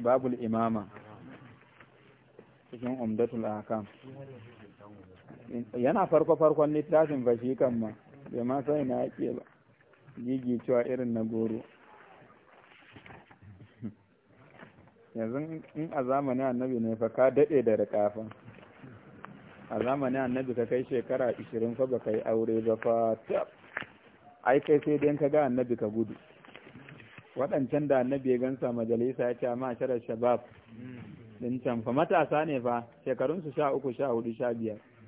babul imama cikin umdatul akam yana farko-farkon littafin ba ma bai ma sai na yake ba gigi irin na goro yanzu in a zamanin annabi ne fa ka daɗe da rikafa a zamanin annabi ka kai shekara 20 fa ba kai aure ba fa ai kai sai dai ka ga annabi ka gudu waɗancan da annabi ya gansa majalisa ya ce a ma'asharar shabab din can fa matasa ne fa shekarunsu sha uku sha hudu sha biyar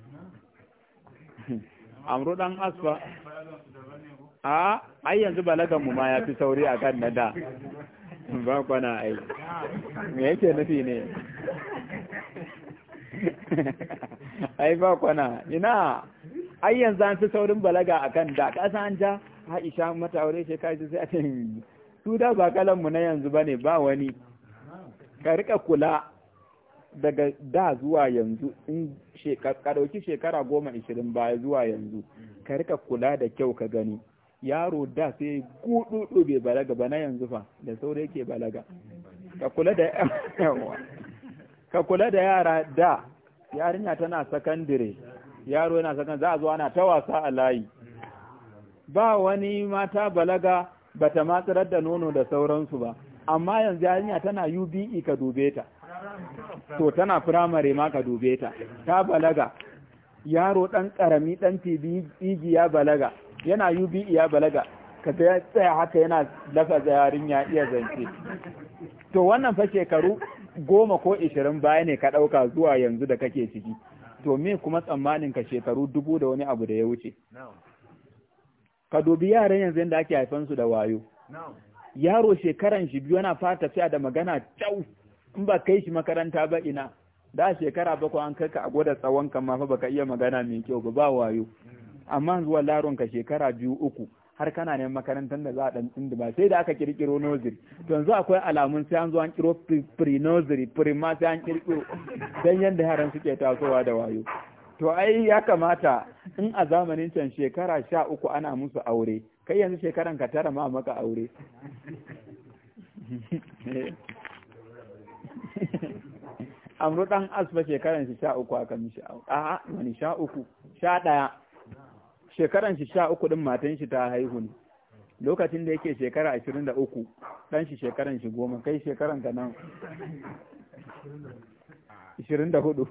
amru dan asfa a ai yanzu balagan mu ma ya fi sauri a kan na da ba kwana ai me yake nufi ne ai ba kwana ina ai yanzu an fi saurin balaga akan da kasa an ja Aisha mata aure shekaru sai a ce hmm. su da ba kalanmu na yanzu ba ne ba wani ka rika kula daga da zuwa yanzu in ka ɗauki shekara goma ishirin ba zuwa yanzu ka rika kula da kyau ka gani yaro da sai gudu bai balaga ba na yanzu fa da saura yake balaga ka kula da ka kula da yara da yarinya tana sakandire yaro yana sakandire za a zuwa na ta wasa a layi ba wani mata balaga ba ta matsarar da nono da sauransu ba amma yanzu yarinya tana UBE ka dube ta to tana firamare ma ka dube ta ta balaga yaro ɗan ƙarami ɗan PBE ya balaga yana UBE ya balaga ka tsaya haka yana lafa yarinya iya zance to wannan fa shekaru goma ko ishirin baya ne ka ɗauka zuwa yanzu da kake ciki to me kuma tsammanin ka shekaru dubu da wani abu da ya wuce ka dubi yaran yanzu yadda ake haifan su da wayo yaro shekaran shi biyu yana fara tafiya da magana tau in ba kai shi makaranta ba ina da shekara bakwai an kai ka a gwada tsawon kan ma fa baka iya magana mai kyau ba ba wayo amma zuwa laron ka shekara biyu uku har kana ne makarantar da za a dan tsinda sai da aka kirkiro nursery to yanzu akwai alamun sai an zo an kiro pre nursery pre ma sai an kirkiro dan yanda yaran suke tasowa da wayo to ai ya kamata in a zamanin can shekara sha uku ana musu aure kai yanzu shekaran ka tara ma maka aure amru dan asba shekaran shi sha uku aka mishi aure a wani sha uku sha ɗaya shekaran shi sha uku din matan shi ta haihu ne lokacin da yake shekara ashirin da uku dan shi shekaran shi goma kai shekaran ka nan ashirin da hudu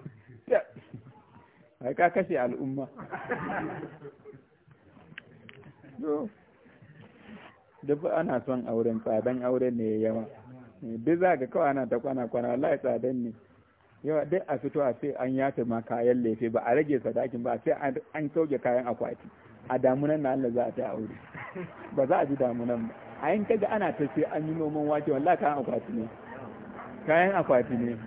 ai ka kashe al'umma duk ana son auren tsadan auren ne yawa duk za ga kawai ana ta kwana kwana wallahi tsadan ne yawa duk a fito a ce an ta ma kayan laifi ba a rage sadakin ba a ce an sauke kayan akwati a damunan na Allah za a ta aure ba za a ji damunan ba a yin kaga ana ta ce an yi noman wake wallahi kayan akwati ne kayan akwati ne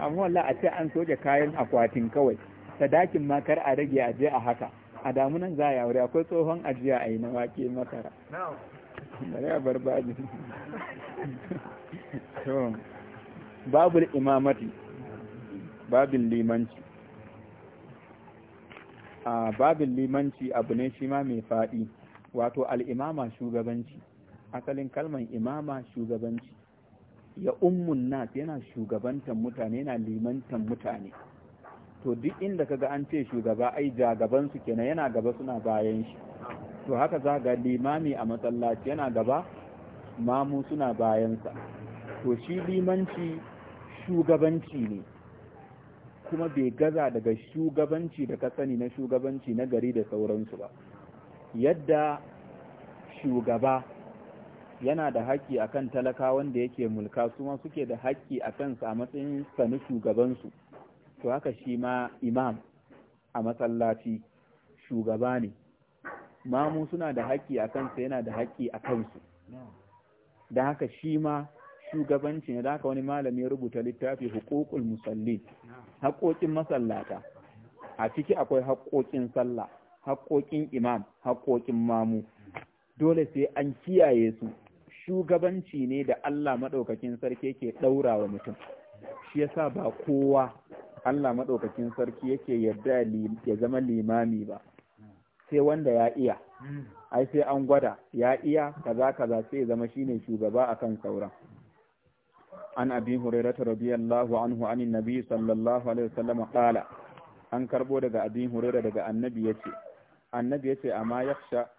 amma wallahi a ce an sauke kayan akwatin kawai sadakin ma a rage a je a haka a damunan za a yi akwai tsohon ajiya a yi na wake makara bari a bar baji babul imamati babin limanci a babin limanci abu ne shi ma mai faɗi wato al'imama shugabanci asalin kalman imama shugabanci ya ummun nas yana shugabantan mutane yana limantan mutane to duk inda kaga an ce shugaba ai ja gaban su kenan yana gaba suna bayan shi to haka za ga limami a masallaci yana gaba mamu suna bayansa to shi limanci shugabanci ne kuma bai gaza daga shugabanci da ka sani na shugabanci na gari da sauransu ba yadda shugaba yana da haƙƙi akan talaka wanda yake mulka su suke da haƙƙi akan sa matsayin sani shugabansu to haka shi ma imam a masallaci shugaba ne mamu suna da haƙƙi a kansa yana da haƙƙi a kansu da haka shi ma shugabanci ne da haka wani malami ya rubuta littafi hukukul musalli haƙoƙin masallata a ciki akwai haƙoƙin sallah haƙoƙin imam haƙoƙin mamu dole sai an kiyaye su shugabanci ne da Allah maɗaukakin sarki ke ɗaura wa mutum shi yasa ba kowa Allah maɗaukakin sarki yake yarda ya zama limami ba sai wanda ya iya ai sai an gwada ya iya kaza kaza sai zama shine shugaba akan sauran an abi hurairata radiyallahu anhu anin nabi sallallahu alaihi wasallam qala an karbo daga abi hurairah daga annabi yace annabi yace amma yakhsha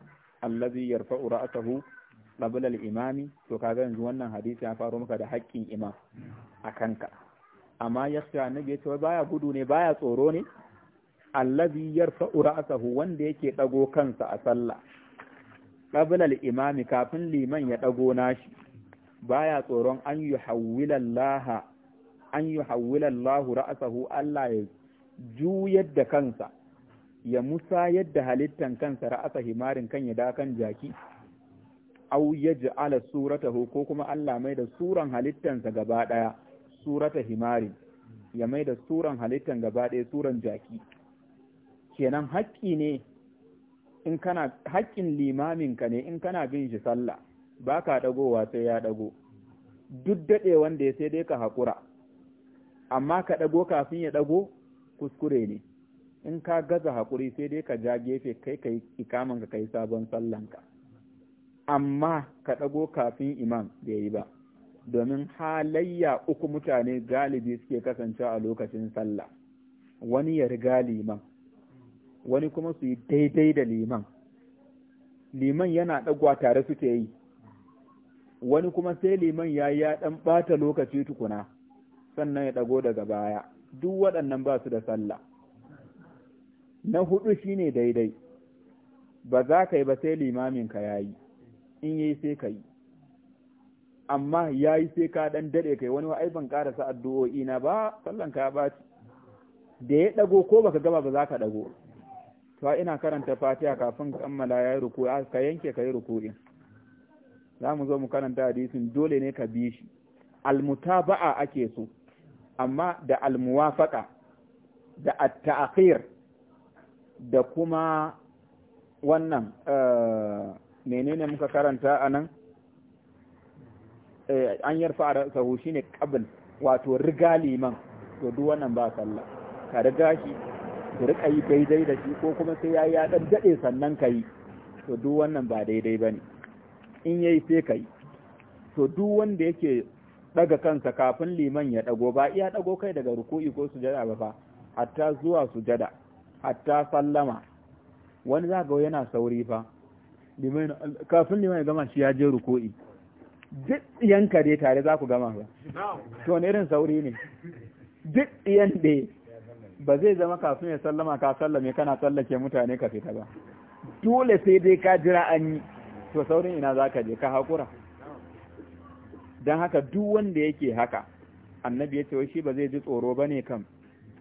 allazi yarfa'u ra'atahu qabla al-imami to kaga yanzu wannan hadisi ya faro maka da haƙƙin imam kanka. amma yasta annabi ya ce baya gudu ne baya tsoro ne allazi yarfa'u ra'sahu wanda yake dago kansa a sallah qabla al-imami kafin liman ya dago nashi baya tsoron an yuhawwila Allah an yuhawwila Allah ra'sahu Allah ya juyar da kansa ya musa yadda halittan kansa ra'asa himarin kan ya dakan jaki au yaj'ala suratahu ko kuma Allah mai da suran halittansa gaba daya surata himari ya mai da suran halittan gaba ɗaya suran jaki kenan haƙƙi ne in kana haƙƙin limaminka ne in kana bin shi sallah ba ka ɗagowa sai ya ɗago duk daɗe wanda ya sai dai ka haƙura amma ka ɗago kafin ya ɗago kuskure ne in ka gaza haƙuri sai dai ka ja gefe kai ka yi ikamanka ka yi sabon sallanka amma ka ɗago kafin imam bai yi ba domin halayya uku mutane galibi suke kasancewa a lokacin sallah wani ya riga liman wani kuma su yi daidai da liman liman yana ɗagwa tare suke yi wani kuma sai liman ya ya ɗan ɓata lokaci tukuna sannan ya ɗago daga baya duk waɗannan ba su da sallah na hudu shine daidai ba za ka yi ba sai limamin ka yayi in yi sai ka yi amma ya yi sai ka dan daɗe kai wani ai ban karasa addu'o'i na ba sallan ka ba da ya dago ko baka gaba ba za ka dago to ina karanta Fatiha kafin kammala ya yi ruku'i ka yanke ka yi ruku'in za mu zo mu karanta hadisin dole ne ka bi shi almutaba'a ake so amma da almuwafaqa da at da kuma wannan eh, menene muka karanta anan Eh, an yarfa ra'sahu shine qabl wato riga liman to duk wannan ba sallah ka riga shi ka riƙa yi daidai da shi ko kuma sai yayi yi dan dade sannan kai to duk wannan ba daidai bane in yayi sai kai to duk wanda yake daga kansa kafin liman ya dago ba iya dago kai daga ruku'i ko sujada ba fa hatta zuwa sujada hatta sallama wani za ga yana sauri fa kafin liman ya gama shi ya je ruku'i duk yanka dai tare za ku gama ba to ne irin sauri ne duk yan da ba zai zama kasu ya sallama ka sallame kana tsallake mutane ka fita ba dole sai dai ka jira an yi to saurin ina za ka je ka haƙura don haka duk wanda yake haka annabi ya ce shi ba zai ji tsoro ba ne kam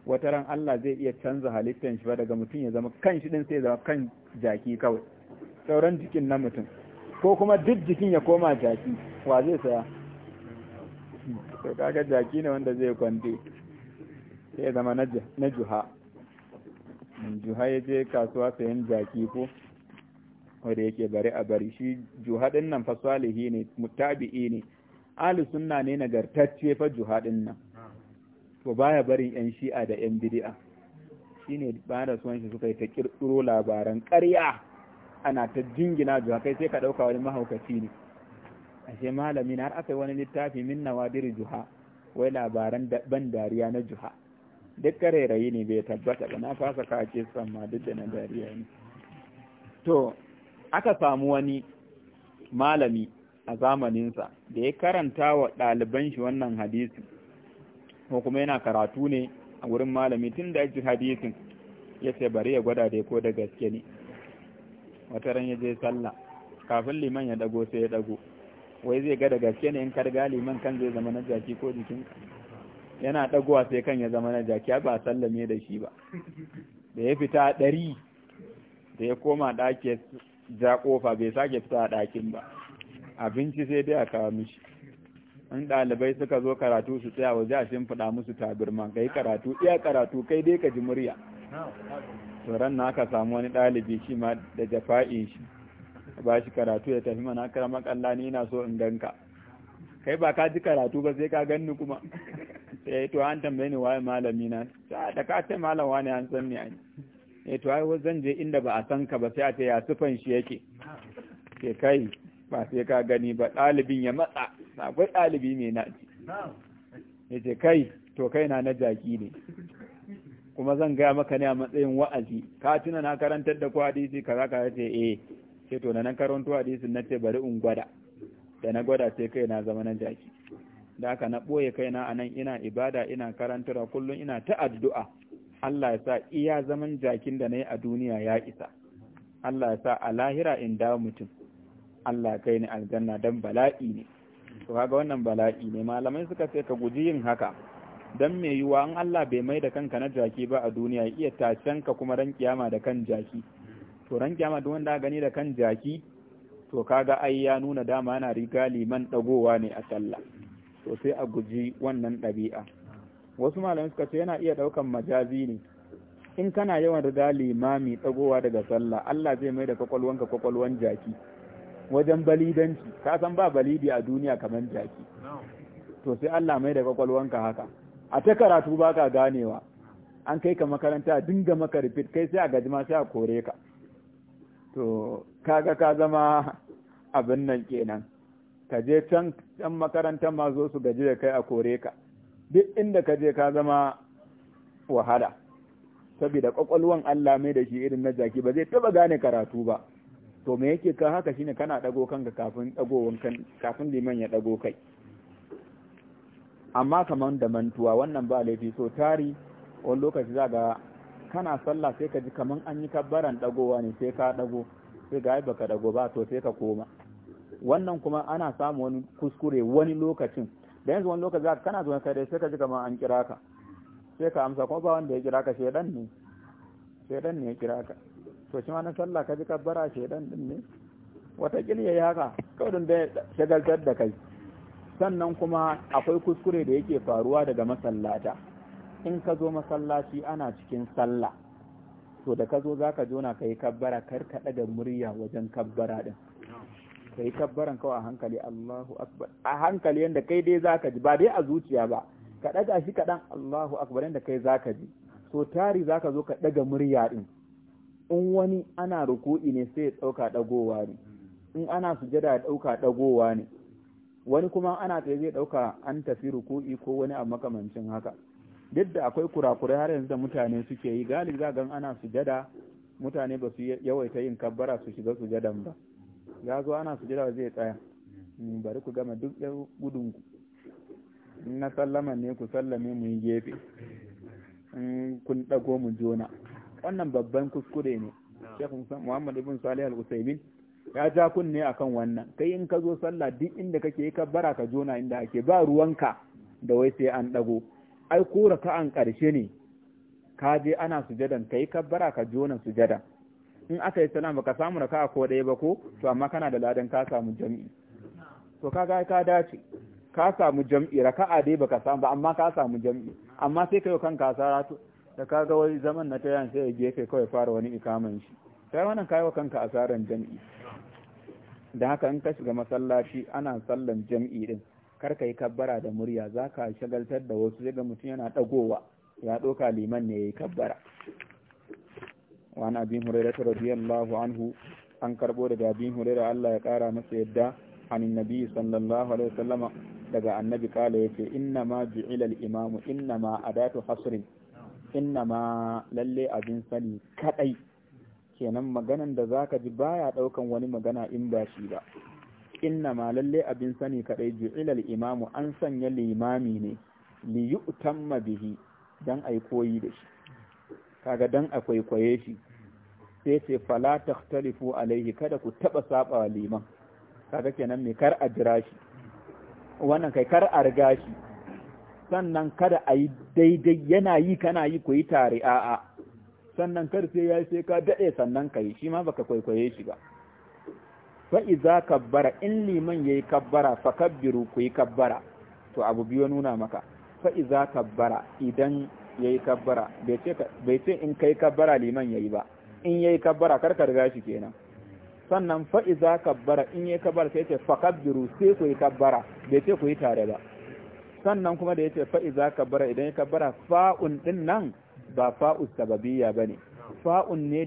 wata ran Allah zai iya canza halittar shi ba daga mutum ya zama kan shi din sai zama kan jaki kawai sauran jikin na mutum ko kuma duk jikin ya koma jaki wa zai saya to kaga jaki ne wanda zai kwanti sai zama na juha juha ya je kasuwa sayan jaki ko wanda yake bari a bari shi juha din nan fa salihi ne mutabi'i ne ahli sunna ne nagartacce fa juha din nan to baya barin yan shi'a da yan bid'a shine ba da suwan shi suka yi ta kirkiro labaran ƙarya ana ta jingina zuwa kai sai ka ɗauka wani mahaukaci ne ashe malami na har aka yi wani littafi min nawadiri juha wai labaran ban dariya na juha duk rairayi ne bai tabbata ba na fasa ce san ma duk da na dariya ne to aka samu wani malami a zamaninsa da ya karanta wa ɗaliban shi wannan hadisi ko kuma yana karatu ne a wurin malami tun da hadisin ya ce bari ya gwada dai ko da gaske ne wata ran ya je sallah kafin liman ya dago sai ya dago wai zai ga da gaske ne in karga liman kan zai zama na jaki ko jikinka yana dagowa sai kan ya zama na jaki ba sallah ne da shi ba da ya fita a ɗari da ya koma ɗaki ja kofa bai sake fita a ɗakin ba abinci sai dai a kawo mishi in ɗalibai suka zo karatu su tsaya waje a shimfiɗa musu tabirma ka karatu iya karatu kai dai ka ji murya ran na aka samu wani ɗalibi shi ma da jafa'in shi ba shi karatu ya tafi mana karamar ƙalla ni na so in ganka kai ba ka ji karatu ba sai ka ganni kuma sai eh, to an tambaye ni waye malami na da ka ce malam wani an san ni ai eh to ai zan je inda ba a san ka ba sai a ce ya sufan shi yake ke kai ba sai ka gani ba ɗalibin ya matsa akwai ɗalibi mai na ya ce kai to kai na na jaki ne kuma zan gaya maka ne a matsayin wa'azi ka tuna na karantar da ku hadisi kaza ka ce eh sai to nan karanto hadisin na ce bari in gwada da na gwada sai kai na zama na jaki da haka na boye kaina anan ina ibada ina karantarwa kullum ina ta addu'a Allah ya sa iya zaman jakin da nayi a duniya ya isa Allah ya sa a lahira in dawo mutum Allah kai ni aljanna dan bala'i ne to kaga wannan bala'i ne malamai suka ce ka guji yin haka don mai yiwuwa an Allah bai mai da kanka na jaki ba a duniya iya tacen ka kuma ran kiyama da kan jaki to ran kiyama duk wanda gani da kan jaki to kaga ai ya nuna dama yana riga liman dagowa ne a sallah to sai a guji wannan ɗabi'a wasu malamai suka ce yana iya ɗaukan majazi ne in kana yawan riga limami dagowa daga sallah Allah zai mai da kwakwalwanka kwakwalwan jaki wajen balidanci ka san ba balidi a duniya kamar jaki to sai Allah mai da kwakwalwanka haka a ta karatu ba ka ganewa an kai ka makaranta dinga maka repeat kai sai a gaji ma sai a kore ka to kaga ka zama abin nan kenan ka je can can makarantar ma zo su gaji da kai a kore ka duk inda ka je ka zama wahala saboda kwakwalwan Allah mai da shi irin na jaki ba zai taba gane karatu ba to me yake ka haka shine kana dago kanka kafin dagowan kan kafin liman ya dago kai amma kaman da mantuwa wannan ba laifi so tari wani lokaci za ga kana sallah sai ka ji kamar an yi kabbaran dagowa ne sai ka dago sai ga baka dago ba to sai ka koma wannan kuma ana samu wani kuskure wani lokacin da yanzu wani lokaci za ka kana zuwa kare sai ka ji kaman an kira ka sai ka amsa kuma ba wanda ya kira ka shedan ne shedan ne ya kira ka to shi ma na sallah ka ji kabbara shedan din ne wata ya yi haka kawai don da shagaltar da kai sannan kuma akwai kuskure da yake faruwa daga masallata in ka zo masallaci ana cikin sallah to da ka zo za ka na ka yi kabbara kar ka ɗaga murya wajen kabbara ɗin ka yi kabbaran kawai a hankali Allahu akbar a hankali yadda kai dai za ka ji ba dai a zuciya ba ka ɗaga shi kaɗan Allahu akbar yadda kai za ka ji so tari za ka zo ka ɗaga murya ɗin in wani ana ruku'i ne sai ya ɗauka ɗagowa ne in ana sujada ya ɗauka ɗagowa ne wani kuma ana tsaye zai ɗauka an tafi ruku'i ko wani a makamancin haka duk da akwai kurakurai har yanzu da mutane suke yi galibi za gan ana sujada mutane ba su yawaita yin kabbara su shiga sujadan ba ya zo ana sujada zai tsaya hmm, bari ku gama duk yan gudun ku na sallama ne ku sallame mu yi gefe kun dago mu jona wannan babban kuskure ne Sheikh Muhammad ibn Salih al-Usaimin ya ja kunne akan wannan kai in ka zo sallah duk inda kake ka bara ka jona inda ake ba ruwanka da wai sai an dago ai ko raka'an karshe ne ka je ana sujadan kai bara ka jona sujada in aka yi salama ka samu raka'a ko ɗaya ba ko to amma kana da ladan ka samu jami'i to kaga ka dace ka samu jam'i raka'a dai baka samu ba amma ka samu jam'i amma sai kai kanka asara to da kaga wai zaman na tayan sai ya kai kawai fara wani ikaman shi sai wannan kai wa kanka asaran jam'i da haka in ka shiga masallaci ana sallan jam'i din kar ka yi kabbara da murya za ka shagaltar da wasu daga mutum yana dagowa ya ɗauka liman ne ya yi kabbara wani abin hurairar ta radiyallahu anhu an karbo daga abin da Allah ya ƙara masa yadda anin nabi sallallahu alaihi wasallama daga annabi kala ce inna ma ju'ilal imamu inna ma adatu hasrin inna ma lalle abin sani kadai kenan maganan da zaka ji baya daukan wani magana in ba shi ba inna ma lalle abin sani kadai ju'ilal imamu an sanya limami ne li yu'tamma bihi dan ai koyi da shi kaga dan akwai koye shi sai ce fala takhtalifu alaihi kada ku taba saba wa liman kaga kenan me kar a jira shi wannan kai kar a shi sannan kada a daidai yana yi kana yi ku yi tare a'a sannan kar sai yayi sai ka dade sannan kai shi ma baka kwaikwaye shi ba fa iza kabbara in liman yayi kabbara fa kabbiru ku yi kabbara to abu biyo nuna maka fa iza kabbara idan yayi kabbara bai ce in ka in kai kabbara liman yayi ba in yayi kabbara kar ka riga shi kenan sannan fa iza kabbara in yayi kabbara sai ce fa kabbiru sai ku yi kabbara bai ce ku yi tare ba sannan kuma da yace fa iza kabbara idan yayi kabbara fa'un din nan ba fa'u sababiyya bane fa'un ne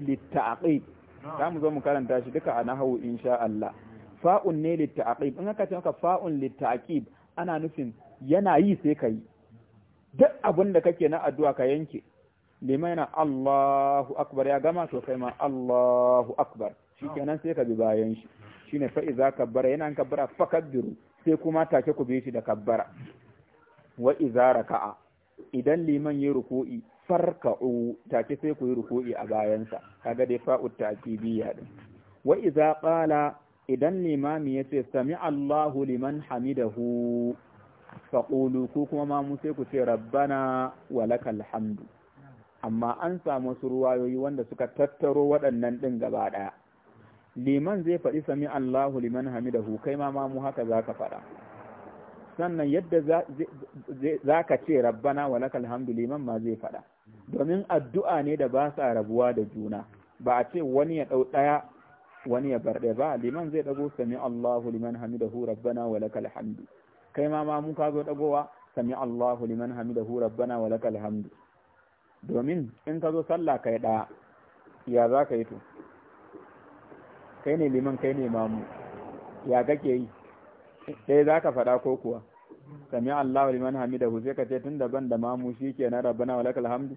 Za zamu zo mu karanta shi duka a nahawu insha Allah fa'un ne litta'aqib in aka ce maka fa'un litta'aqib ana nufin yana yi sai ka yi duk abin da kake na addu'a ka yanke liman yana Allahu akbar ya gama to kai ma Allahu akbar shikenan sai ka bi bayan shi shine fa iza kabbara yana an kabbara kabbiru sai kuma take ku bi shi da kabbara wa iza raka'a idan liman ya ruku'i farka'u take sai ku yi ruku'i a bayansa kaga dai fa'u ta'kidiyya din wa idza qala idan limami yace sami Allahu liman hamidahu faqulu ku kuma ma mu sai ku ce rabbana walakal hamdu amma an samu su ruwayoyi wanda suka tattaro waɗannan din gaba liman zai faɗi sami Allahu liman hamidahu kai ma ma mu haka zaka faɗa sannan yadda za ka ce rabbana walakal hamdu liman ma zai faɗa domin addu'a ne da ba sa rabuwa da juna ba a ce wani ya ɗau ɗaya wani ya bar ɗaya ba liman zai ɗago sami Allahu liman hamidahu rabbana wa lakal hamdu kai ma ma mun ka zo ɗagowa sami Allahu liman hamidahu rabbana wa lakal hamdu domin in ka zo sallah kai ɗaya ya za ka yi to kai ne liman kai ne mamu ya kake yi sai za ka faɗa ko kuwa sami Allahu liman hamidahu sai ka ce tun daban da mamu shi ke na rabbana wa lakal hamdu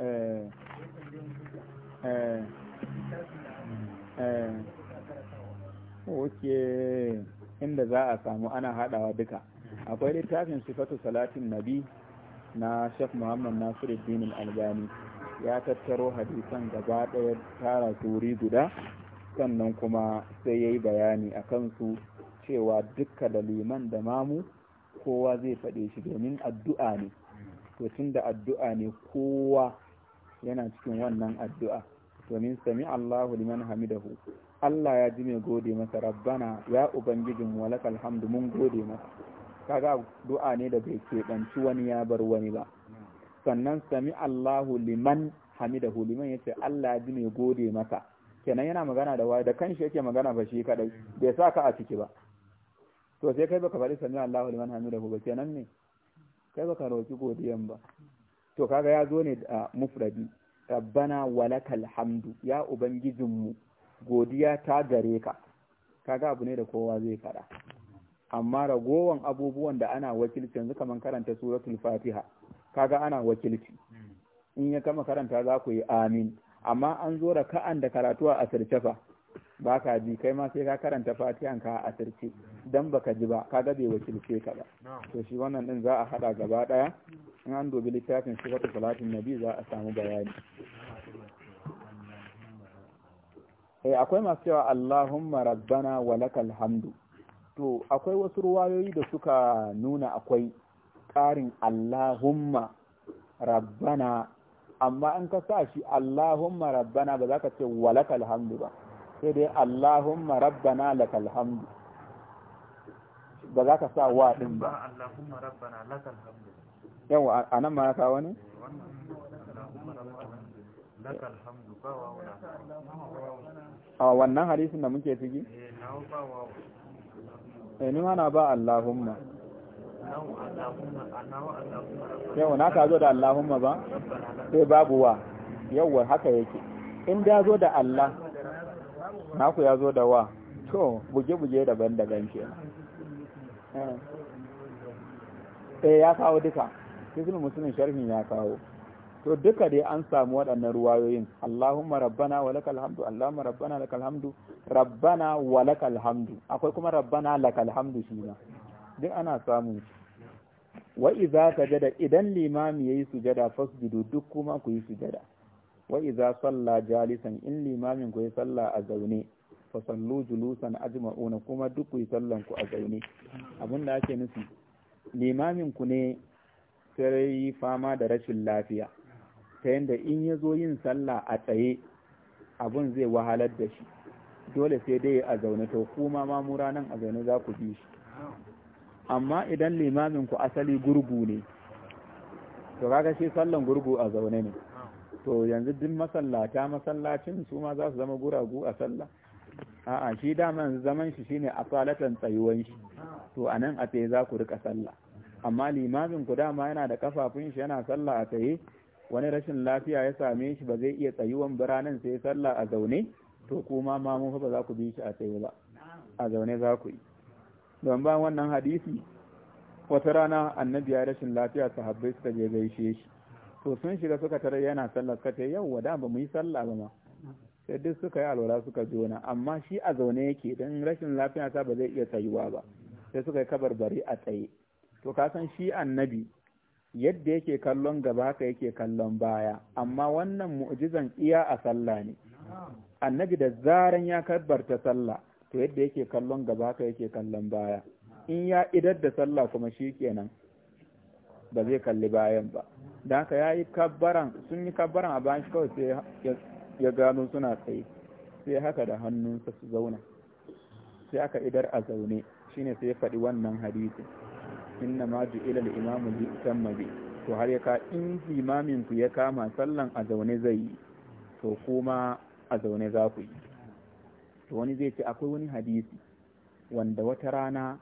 oke eh, eh, eh, inda za a samu ana haɗawa duka akwai littafin sifatu salatin nabi na shek muhammad nasiruddin al-albani ya tattaro hadisan gaba ɗaya tara turi guda sannan kuma sai ya yi bayani a kansu cewa duka da liman da mamu kowa zai faɗe shi domin addu'a ne to tun da addu'a ne kowa yana cikin wannan addu'a domin sami Allahu liman hamidahu Allah ya ji mai gode masa rabbana ya ubangijin mu alhamdu mun gode masa kaga du'a ne da bai keɓanci wani ya bar wani ba sannan sami Allahu liman hamidahu liman ya ce Allah ya ji mai gode masa kenan yana magana da waye da kanshi yake magana ba shi kadai bai sa ka a ciki ba to sai kai baka faɗi sami Allahu liman hamidahu ba kenan ne kai baka roki godiyan ba to kaga ya zo ne da mufradi rabbana walakal hamdu ya ubangijinmu godiya ta gare ka kaga abu ne da kowa zai fada amma ragowan abubuwan da ana wakilci yanzu kaman karanta suratul fatiha kaga ana wakilci hmm. in ya kama karanta za ku yi amin amma an zo raka'an da karatuwa a asirce ba ka ji kai ma sai ka karanta fatihan ka a sarki dan baka ji ba ka ga bai wakilce ka ba to shi wannan din za a hada gaba daya in an dubi littafin sifatu salatin nabi za a samu bayani eh akwai masu cewa Allahumma rabbana wa lakal hamdu to akwai wasu ruwayoyi da suka nuna akwai ƙarin Allahumma rabbana amma an ka sa shi Allahumma rabbana ba za ka ce walakal hamdu ba sai dai Allahumma rabbana lakal hamdu ba za ka sa wa din ba Allahumma rabbana lakal hamdu yawa anan ma ka eh, wani a wannan hadisin da muke ciki eh, eh ni ma na ba Allahumma yau na ka zo da Allahumma ba sai babu wa yawwa haka yake in da zo da Allah naku ya zo da wa to buge-buge daban-daban ke eh, eh ya kawo duka cikin musulun sharhin ya kawo to duka dai an samu waɗannan ruwayoyin Allahumma rabbana wa lakal hamdu Allahumma rabbana lakal hamdu rabbana wa lakal hamdu akwai kuma rabbana lakal hamdu shi ma duk ana samun shi wa idza sajada idan limami yayi sujada fasjudu duk kuma ku yi sujada wa idza salla jalisan in limamin ku ya salla a zaune fa sallu julusan ajma'una kuma duk ku yi sallan ku a zaune abin da ake nufi limamin ku ne sai fama da rashin lafiya ta yadda in ya zo yin sallah a tsaye abun zai wahalar da shi dole sai dai a zaune to kuma mamura nan a zaune za ku bi shi amma idan limamin ku asali gurgu ne to kaga shi sallan gurgu a zaune ne to yanzu duk masallata masallacin su ma za su zama guragu a sallah a'a shi daman zaman shi shine a salatan tsayuwan shi to anan a tsaye za ku rika sallah amma limamin ku dama yana da kafafun shi yana sallah a tsaye wani rashin lafiya ya same shi ba zai iya tsayuwan biranen sai sallah a zaune to kuma ma mun ba za ku bi shi a tsaye ba a zaune za ku yi don ba wannan hadisi wata rana annabi ya rashin lafiya sahabbai suka je gaishe shi to sun shiga suka tare yana sallah suka ce yau wada ba mu yi sallah ba ma sai duk suka yi alwala suka jona amma shi a zaune yake don rashin lafiya ta ba zai iya tsayuwa ba sai suka yi kabar bari a tsaye to ka san shi annabi yadda yake kallon gaba haka yake kallon baya amma wannan mu'jizan iya a sallah ne annabi da zaran ya kabbarta sallah to yadda yake kallon gaba haka yake kallon baya in ya idar da sallah kuma shi kenan ba zai kalli bayan ba da haka ya yi kabbaran sun yi kabbaran a bayan shi kawai sai ya gano suna tsaye sai haka da hannunsa su zauna sai aka idar a zaune shine sai ya faɗi wannan hadisi inna ma ju'ila imamu li yutamma to har ya ka in limamin ku ya kama sallan a zaune zai yi to kuma a zaune za ku yi to wani zai ce akwai wani hadisi wanda wata rana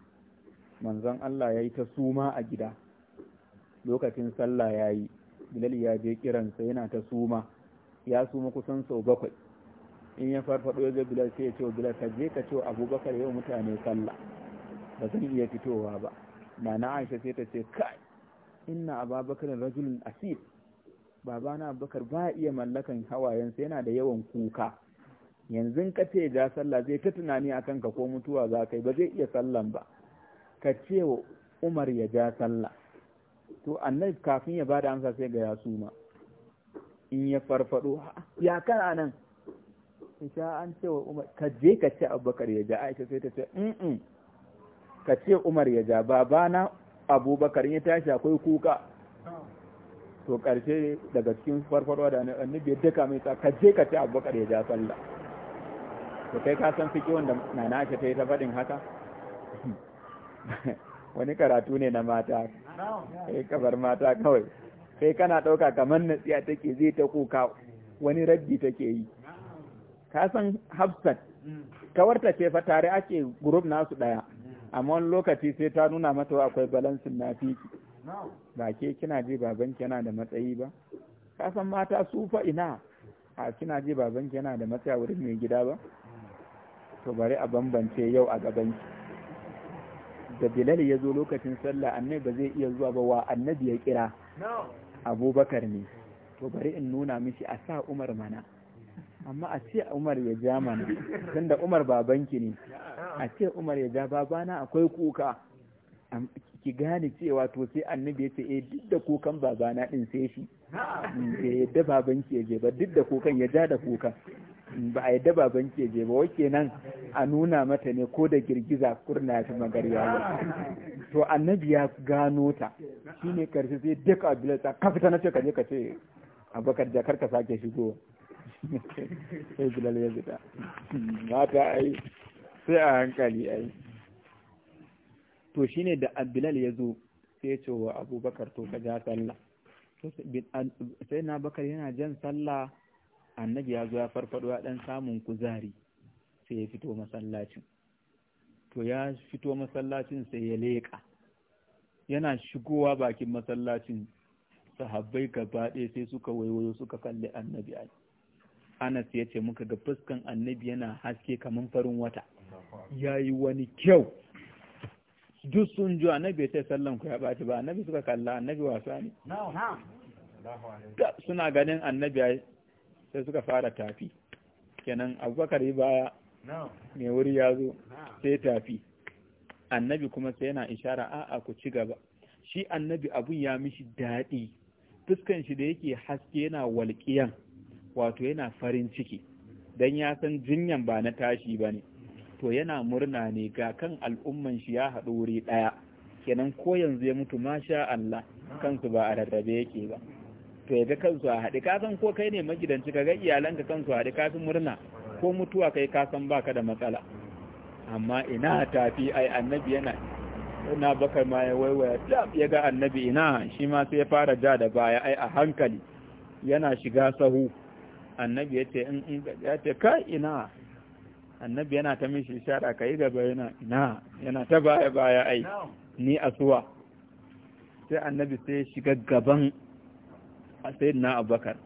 manzon Allah ya yi ta suma a gida lokacin sallah ya yi bilal ya je kiransa yana ta suma ya suma kusan sau bakwai in ya farfado ya ga bilal sai ya ce bilal ka je ka ce abubakar yau mutane sallah ba zan iya fitowa ba na aisha sai ta ce kai inna ababakar rajulun asir babana abubakar ba iya mallakan hawayensa yana da yawan kuka yanzu ka ce ga sallah zai ta tunani akan ka ko mutuwa za ka ba zai iya sallan ba ka ce wa umar ya ja sallah to annabi kafin ya bada amsa sai ga ya suma in ya farfado ya kan anan isha an ce wa umar ka je ka ce abubakar ya ja aisha sai ta ce mm ka ce umar ya ja babana abubakar ya tashi akwai kuka to karshe daga cikin farfado da annabi ya daka mai sa, ka je ka ce abubakar ya ja sallah to kai ka san fiki wanda nana ta yi ta faɗin haka wani karatu ne na mata eh kabar mata kawai kai kana ɗauka kamar natsiya take zai ta kuka wani rabbi take yi ka san hafsat kawarta ce fa tare ake group nasu ɗaya amma wani lokaci sai ta nuna mata akwai balansin na fiki ba ke kina ji babanki yana da matsayi ba ka san mata su fa ina a kina ji babanki yana da matsayi wurin mai gida ba to bari a bambance yau a gaban ki. da bilal ya zo lokacin sallah annabi ba zai iya zuwa ba wa annabi ya kira abubakar ne to bari in nuna mishi a sa umar mana amma a ce umar ya ja mana tunda umar babanki ne a ce umar ya ja babana akwai kuka ki gane cewa to sai annabi ya ce eh duk da kukan babana din sai shi Ya mm, yadda babanki ya je ba duk da kukan ya ja da kuka. ba a yadda baban keje je ba wake nan a nuna mata ne ko da girgiza kurna ya fi magarya to annabi ya gano ta ne karshe sai duk abilata ka fita na ce ka je ka ce abakar jakar ka sake shigo sai bilal ya fita mata ai sai a hankali ai to shine da bilal ya zo sai ce wa abubakar to ka ja sallah sai na bakar yana jan sallah annabi ya zo ya farfado ya dan samun kuzari sai ya fito masallacin to ya fito masallacin sai ya leka yana shigowa bakin masallacin sahabbai gaba ɗaya sai suka waiwayo suka kalli annabi ai Anas ya ce muka ga fuskan annabi yana haske kamar farin wata ya yi wani kyau duk sun ji annabi ya ce sallan ku ya ɓaci ba annabi suka kalla annabi wasa ne suna ganin annabi sai suka fara tafi kenan abubakar yi baya mai wuri ya zo sai tafi annabi kuma sai yana ishara a'a ku ci gaba shi annabi abun ya mishi daɗi fuskan shi da yake haske yana walƙiyan wato yana farin ciki Dan ya san jinyan ba na tashi ba ne to yana murna ne ga kan al'umman shi ya haɗu wuri ɗaya kenan ko yanzu ya mutu masha Allah kansu ba a rarrabe yake ba Ka ya kansu a haɗe ka san ko kai ne magidanci ka ga iyalanka kansu a haɗe ka fi murna ko mutuwa kai ka san baka da matsala amma ina tafi ai annabi yana ina bakar ma ya waiwaya dab ya ga annabi ina shi ma sai ya fara ja da baya ai a hankali yana shiga sahu annabi ya ce in ya ce kai ina annabi yana ta mishi ishara kai gaba yana ina yana ta baya baya ai ni asuwa sai annabi sai ya shiga gaban a na abubakar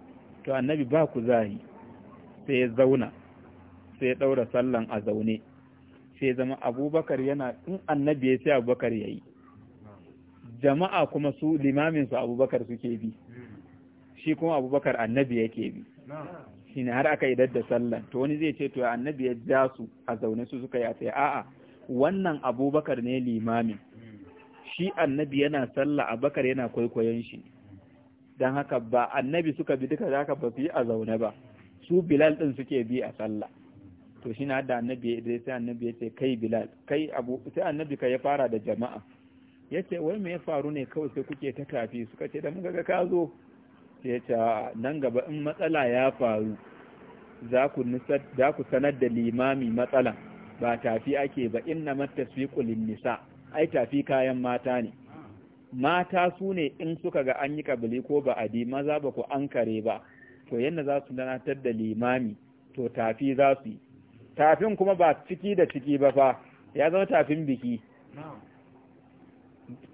to annabi ba ku zahi sai ya zauna sai ya ɗaura sallan a zaune sai ya zama abubakar yana in annabi ya sai abubakar ya yi jama'a kuma su limamin su abubakar suke bi shi kuma abubakar annabi yake bi shi ne har aka idar da sallan to wani zai ce to annabi ya ja su a zaune su suka ya sai a'a wannan abubakar ne limamin shi annabi yana sallah abubakar yana kwaikwayon shi don haka ba annabi suka bi duka zaka ba fi yi a zaune ba su bilal din suke bi a sallah to shi na da annabi ya sai annabi ya ce kai bilal kai abu sai annabi ka ya fara da jama'a ya ce wai me ya faru ne kawai sai kuke ta kafi? suka ce da muka ga ka zo ya ce nan gaba in matsala ya faru za ku sanar da limami matsala ba tafi ake ba inna mataswiqul nisa ai tafi kayan mata ne mata su ne in suka ga an yi kabili ko ba di maza ba ku an kare ba to yadda za su danatar da limami to tafi za su yi tafin kuma ba ciki da ciki ba fa ya zama tafin biki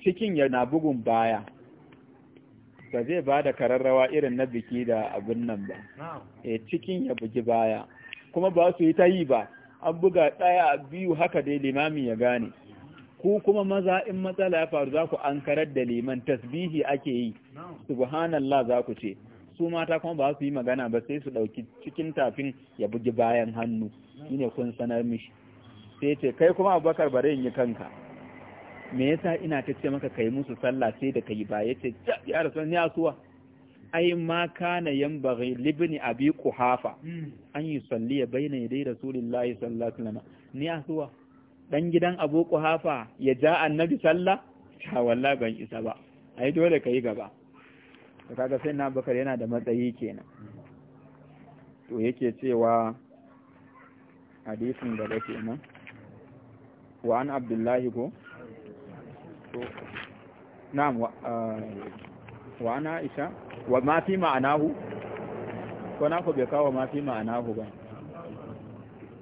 cikin yana bugun baya ba zai ba da kararrawa irin na biki da abin nan ba e cikin ya bugi baya kuma ba su yi ta yi ba an buga ɗaya biyu haka dai limami ya gane ku kuma maza in matsala ya faru za ku an da liman tasbihi ake yi subhanallah za ku ce su mata kuma ba su yi magana ba sai su ɗauki cikin tafin ya bugi bayan hannu ne kun sanar mishi sai ce kai kuma abubakar bare yin yi kanka me yasa ina ta ce maka kai musu sallah sai da kai ba Ya ce, ya rasul ni asuwa ai ma kana yanbaghi libni abi hafa. Hmm. an yi yusalli bayna yaday rasulillahi sallallahu alaihi wasallam ni asuwa dan gidan Abu Quhafa ya ja annabi sallah ta wallahi ban isa ba ai dole kai gaba ta kaga sai na bakar yana da matsayi kenan to yake cewa hadisin da yake nan wa an abdullahi ko na'am wa ana isha wa ma fi ma'anahu ko na ko bai kawo ma fi ma'anahu ba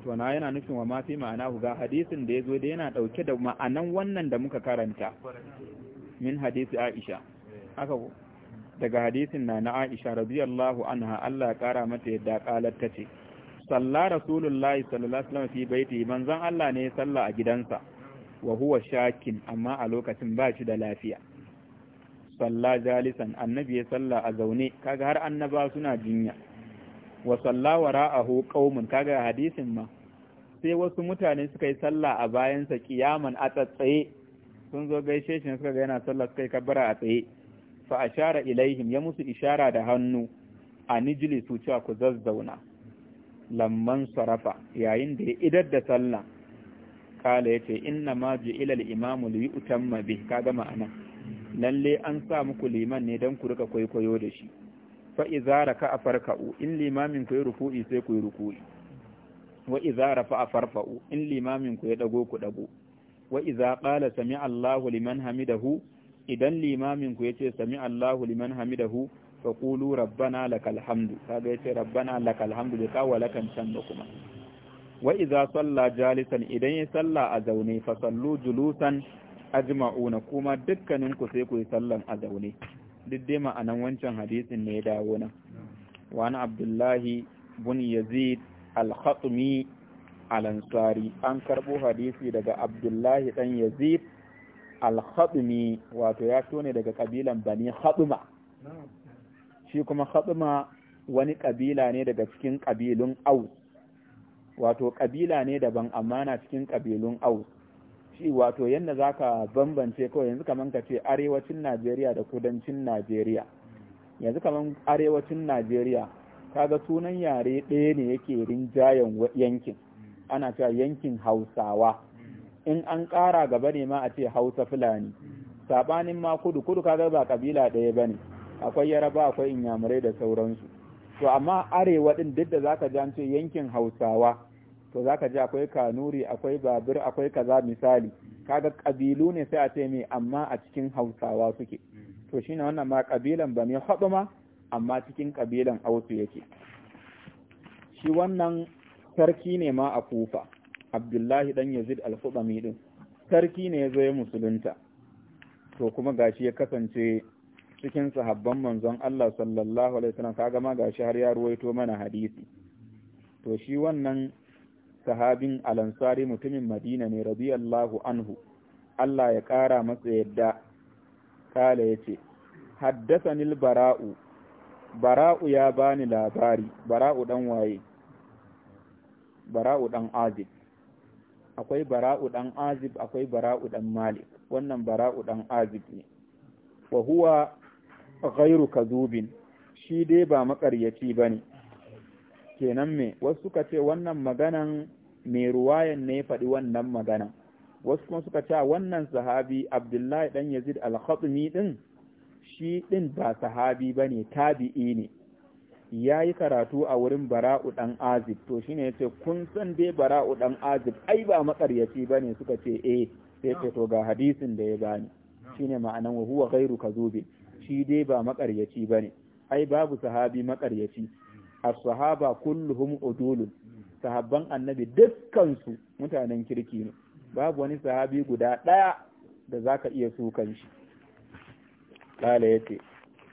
to na yana nufin wa ma fi ma'anahu ga hadisin da ya zo da yana dauke da ma'anan wannan da muka karanta min hadisi Aisha haka ko daga hadisin na na Aisha radiyallahu anha Allah ya kara mata yadda kalar tace salla rasulullahi sallallahu alaihi wasallam fi baiti manzon Allah ne ya salla a gidansa wa huwa shakin amma a lokacin ba shi da lafiya salla jalisan annabi ya salla a zaune kaga har annaba suna jinya wa salla wara'ahu qaumun kaga hadisin ma sai wasu mutane suka yi sallah a bayansa kiyaman a tsatsaye sun zo gaishe shi suka ga yana sallah suka yi kabbara a tsaye fa ashara ilaihim ya musu ishara da hannu a nijili su cewa ku zazzauna lamman sarafa yayin da ya idar da sallah kala yace inna ma ju'ila al-imamu li yutamma ka kaga ma'ana lalle an sa muku liman ne dan ku rika kwaikwayo da shi fa idza raka'a farka'u in limamin ku yi ruku'i sai ku yi ruku'i wa iza a farfa'u in limamin ku ya dago ku dago wa iza qala sami Allahu liman hamidahu idan limamin ku ce sami Allahu liman hamidahu fa qulu rabbana lakal hamdu kaga yace rabbana lakal hamdu da kawa lakan can da kuma wa iza salla jalisan idan ya salla a zaune fa sallu julusan ajma'una kuma dukkanin ku sai ku yi sallan a zaune duk dai ma'anan wancan hadisin ne ya dawo nan wa abdullahi bun yazid الخطمي khatmi al an karɓo hadisi daga abdullahi dan yazid al-khatmi wato ya tone daga kabilan bani shi kuma khatma wani kabila ne daga cikin kabilun aus wato kabila ne daban amma na cikin kabilun aus shi wato yadda zaka bambance kawai yanzu kaman ka ce arewacin najeriya da kudancin najeriya yanzu kaman arewacin najeriya kaga sunan yare ɗaya ne yake rinjayen yankin ana cewa yankin hausawa in an ƙara gaba ne ma a ce hausa fulani saɓanin ma kudu kudu kaga ba kabila ɗaya ba ne akwai yaraba akwai inyamurai da sauransu to amma arewa ɗin duk da zaka ji an ce yankin hausawa to zaka ji akwai kanuri akwai babur, akwai kaza misali kaga kabilu ne sai a ce me amma a cikin hausawa suke to shine wannan ma kabilan ba ne haɗu ma amma cikin kabilan ausu yake shi wannan sarki ne ma a kufa abdullahi ɗan yazid al-fudami din sarki ne ya zo ya musulunta to kuma gashi ya kasance cikin sahabban manzon Allah sallallahu alaihi wasallam kaga ma gashi har ya ruwaito mana hadisi to shi wannan sahabin alansari mutumin Madina ne radiyallahu anhu Allah ya kara masa yadda kala yace haddathani al-bara'u bara'u ya bani labari bara'u dan waye bara'u dan azib akwai bara'u dan azib akwai bara'u dan malik wannan bara'u dan azib ne wa huwa ghairu kadubin shi dai ba makaryaci bane kenan me wasu suka ce wannan maganan mai ruwayan ne faɗi wannan maganan wasu kuma suka ce wannan sahabi abdullahi dan yazid al-khatmi din shi ɗin ba sahabi ba ne tabi'i ne ya yi karatu a wurin bara'u ɗan azib to shine ne ce kun san dai bara'u ɗan azib ai ba makaryaci ba ne suka ce eh sai ce to ga hadisin da ya bani shine ma'anan wa huwa ka zobe shi dai ba makaryaci ba ne ai babu sahabi makaryaci A sahaba kulluhum udulun sahabban annabi dukkansu mutanen kirki ne babu wani sahabi guda ɗaya da zaka iya sukan shi kala yace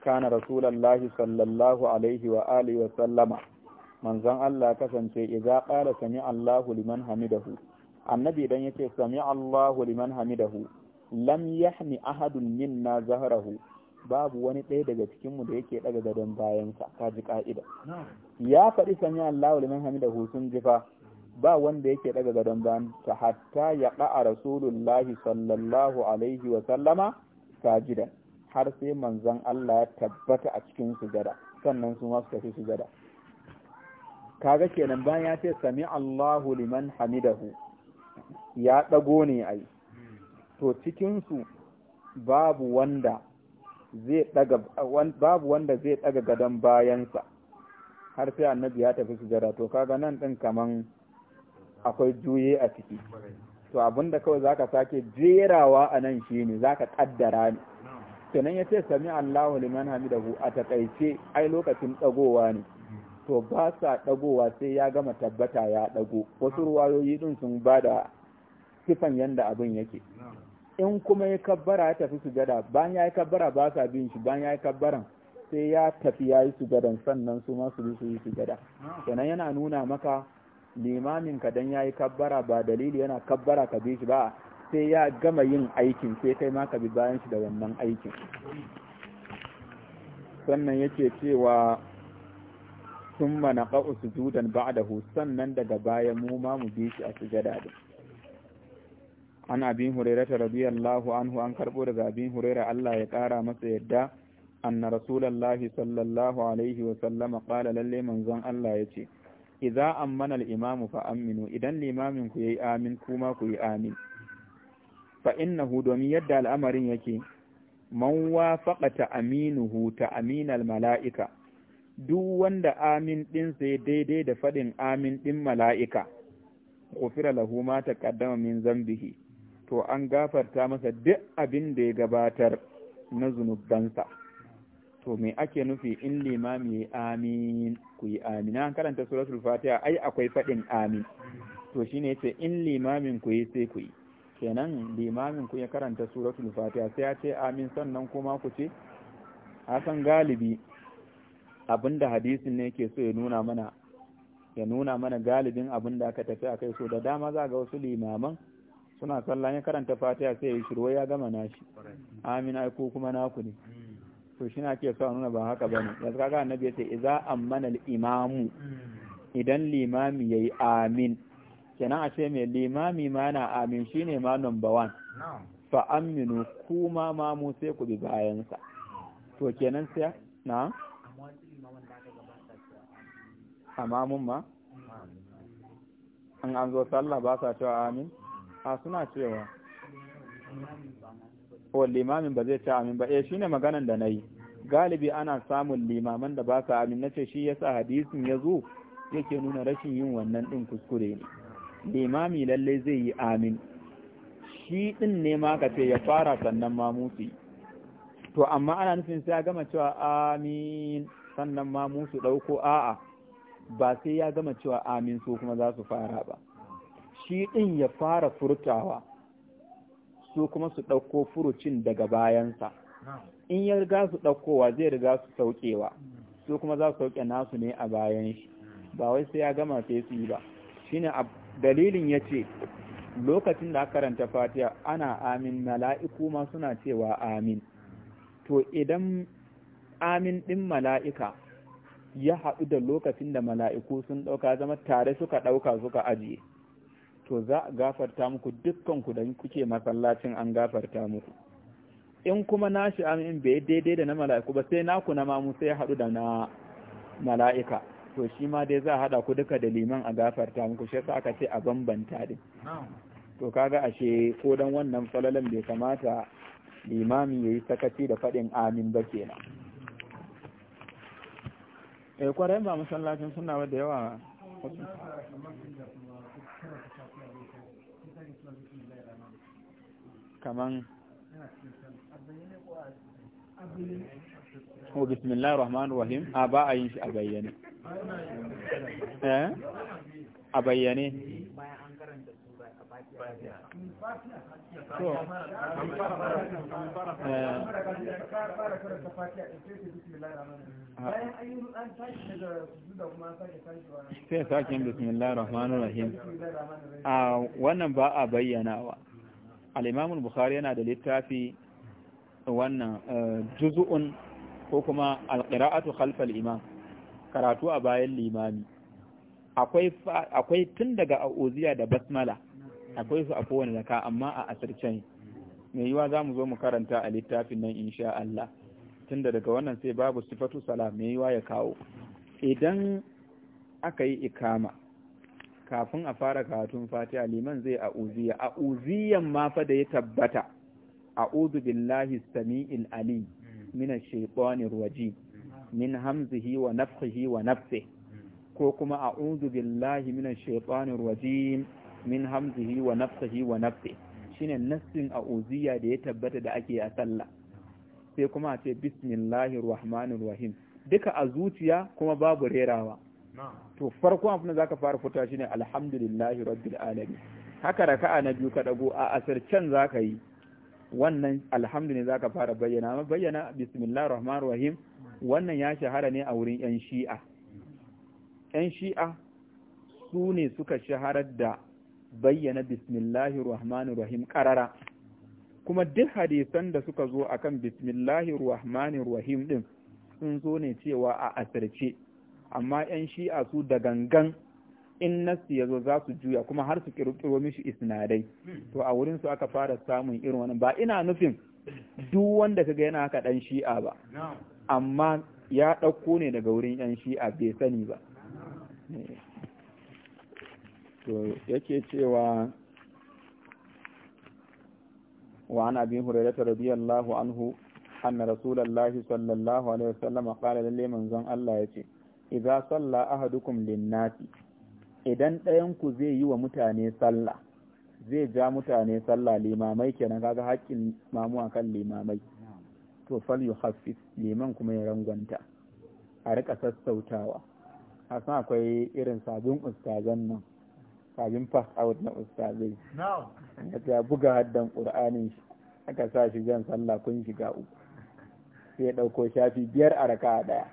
kana rasulullahi sallallahu alaihi wa alihi wa sallama manzon Allah kasance idza qala sami Allahu liman hamidahu annabi dan yace sami Allahu liman hamidahu lam yahmi ahadun minna zahrahu babu wani ɗaya daga cikinmu da yake daga gadon bayansa ka ji ka'ida ya faɗi sami Allahu liman hamidahu sun jifa ba wanda yake ɗaga gadon ta hatta ya ƙa'a rasulullahi sallallahu alaihi wa sallama sajidan har sai manzon Allah ya tabbata a cikin sujada sannan su ma su tafi sujada kaga kenan bayan ya ce sami Allahu liman hamidahu ya dago ne ai to cikin su babu wanda zai daga babu wanda zai daga gadan bayansa har sai annabi ya tafi sujada to kaga nan din kaman akwai juye a ciki to abinda kawai zaka sake jerawa a nan shine zaka kaddara ne kenan ya ce sami Allahu liman hamidahu a takaice ai lokacin dagowa ne to ba sa dagowa sai ya gama tabbata ya dago wasu ruwayoyi din sun bada sifan yanda abin yake in kuma ya kabbara ya tafi sujada bayan ya yi kabbara ba sa bin shi bayan ya yi kabbaran sai ya tafi ya yi sujadan sannan su ma su su yi sujada kenan yana nuna maka limamin ka dan ya yi kabbara ba dalili yana kabbara ka bi shi ba sai ya gama yin aikin sai kai ma ka bi bayan shi da wannan aikin sannan yake cewa sun mana ƙa'u judan ba da sannan daga baya mu ma mu bi shi a sujada din an abin hurera ta rabi anhu an karɓo daga abin hurera Allah ya ƙara masa yadda na rasulallahi sallallahu alaihi wa sallama ƙala lalle manzon Allah ya ce idza ammana al fa idan limamin ku yayi amin kuma ku yi amin fa domin yadda al'amarin yake man wafaqa ta aminuhu ta aminal mala'ika duk wanda amin din sai daidai da faɗin amin ɗin mala'ika ghufira lahu ma taqaddama min zambihi to an gafarta masa duk abin da ya gabatar na zunubansa to me ake nufi in limami amin ku yi amin an karanta suratul fatiha ai akwai faɗin amin to shine yace in limamin ku yi sai ku yi kenan limamin ku ya karanta suratul fatiha sai ya ce amin sannan kuma ku ce hasan galibi abinda hadisin ne yake so ya nuna mana ya nuna mana galibin abinda aka tafi akai so da dama za ga wasu limaman suna sallah ya karanta fatiha sai ya shiro ya gama nashi amin ai ko kuma naku ne to shi na ke sa nuna ba haka bane yanzu kaga annabi ya ce idza ammana al-imamu idan limami yayi amin kenan a ce mai limami ma yana amin shine ma number one fa aminu kuma ma mu sai ku bi bayansa to kenan sai na amma mun ma an an zo sallah ba sa cewa amin a suna cewa wa limamin ba zai ce amin ba eh shine maganan da nayi galibi ana samun limaman da ba sa amin nace shi yasa hadisin ya zo yake nuna rashin yin wannan din kuskure ne limami lalle zai yi amin shi din ne ma ka ce ya fara sannan ma musu to amma ana nufin sai ya gama cewa amin sannan ma musu dauko a'a ba sai ya gama cewa amin su kuma za su fara ba shi din ya fara furtawa su kuma su dauko furucin daga bayansa in ya riga su daukowa zai riga su saukewa su kuma za su sauke nasu ne a bayan shi ba wai sai ya gama sai su yi ba shine dalilin ya ce lokacin da aka karanta fatiha ana amin mala'iku ma suna cewa amin to idan amin ɗin mala'ika ya haɗu da lokacin da mala'iku sun ɗauka zama tare suka ɗauka suka ajiye to za a gafarta muku dukkanku da kuke masallacin an gafarta muku in kuma nashi amin bai daidai da na mala'iku ba sai naku na mamu sai ya haɗu da na mala'ika to shi ma dai za a haɗa ku duka da liman a gafarta muku shi aka ce a bambanta din to kaga ashe ko dan wannan falalan bai kamata limami yayi sakaci da faɗin amin ba kenan eh kwarai ba masallacin suna ba da yawa kaman ko bismillah rahmanir rahim a ba a yin shi a bayyane Eh? a bayyane bayan an bismillah rahmanu a wannan ba a bayyanawa al'imamun bukhari yana da littafi wannan eh, juzu'un ko kuma alƙira'atu khalfal imam karatu a bayan limami akwai tun daga a'uziya da basmala akwai su a kowane zaka amma a asircen mai yiwa za mu zo mu karanta a littafin nan insha Allah tun da daga wannan sai babu sifatu sala mai yiwa ya kawo idan aka yi ikama kafin a fara karatun fatiha liman zai a uziya a uziyan ma fa da ya tabbata a'udhu billahi samiil alim hmm. minash shaitani rajim min hamzihi wa nafhihi wa nafsi ko kuma a'udhu billahi minash shaitanir rajim min hamzihi wa nafhihi wa nafsi shine nassin a'udhiya da ya tabbata da ake a sallah sai kuma a ce bismillahir rahmanir rahim duka a zuciya kuma babu rerawa to farko abin da zaka fara fita shine alhamdulillahi rabbil alamin haka raka'a na biyu ka dago a asircen zaka yi wannan alhamdu zaka fara bayyana bayyana bismillahir rahmanir rahim wannan ya shahara ne a wurin 'yan shi'a 'yan shi'a su ne suka shaharar da bayyana bismillahir rahmanir rahim karara kuma duk hadisan da suka zo akan bismillahir rahmanir rahim din sun zo ne cewa a asirce amma 'yan shi'a su da gangan in nasi ya zo za su juya kuma har su kirkiro mishi isnadai to a wurin su aka fara samun irin wannan ba ina nufin duk wanda kaga yana haka dan shi'a ba amma ya dauko ne daga wurin yan shi'a bai sani ba to yake cewa wa an abi hurairata radiyallahu anhu anna rasulullahi sallallahu alaihi wasallam qala lillahi manzon Allah yace idza salla ahadukum linnati idan dayan ku zai yi wa mutane sallah zai ja mutane sallah limamai kenan kaga haƙƙin mamu akan limamai to fal yuhaffif liman kuma ya rangwanta a rika sassautawa a san akwai irin sabin ustazan nan sabin pass out na ustazai ya buga haddan ƙur'anin shi aka sa shi jan sallah kun shiga uku sai ya ɗauko shafi biyar a raka ɗaya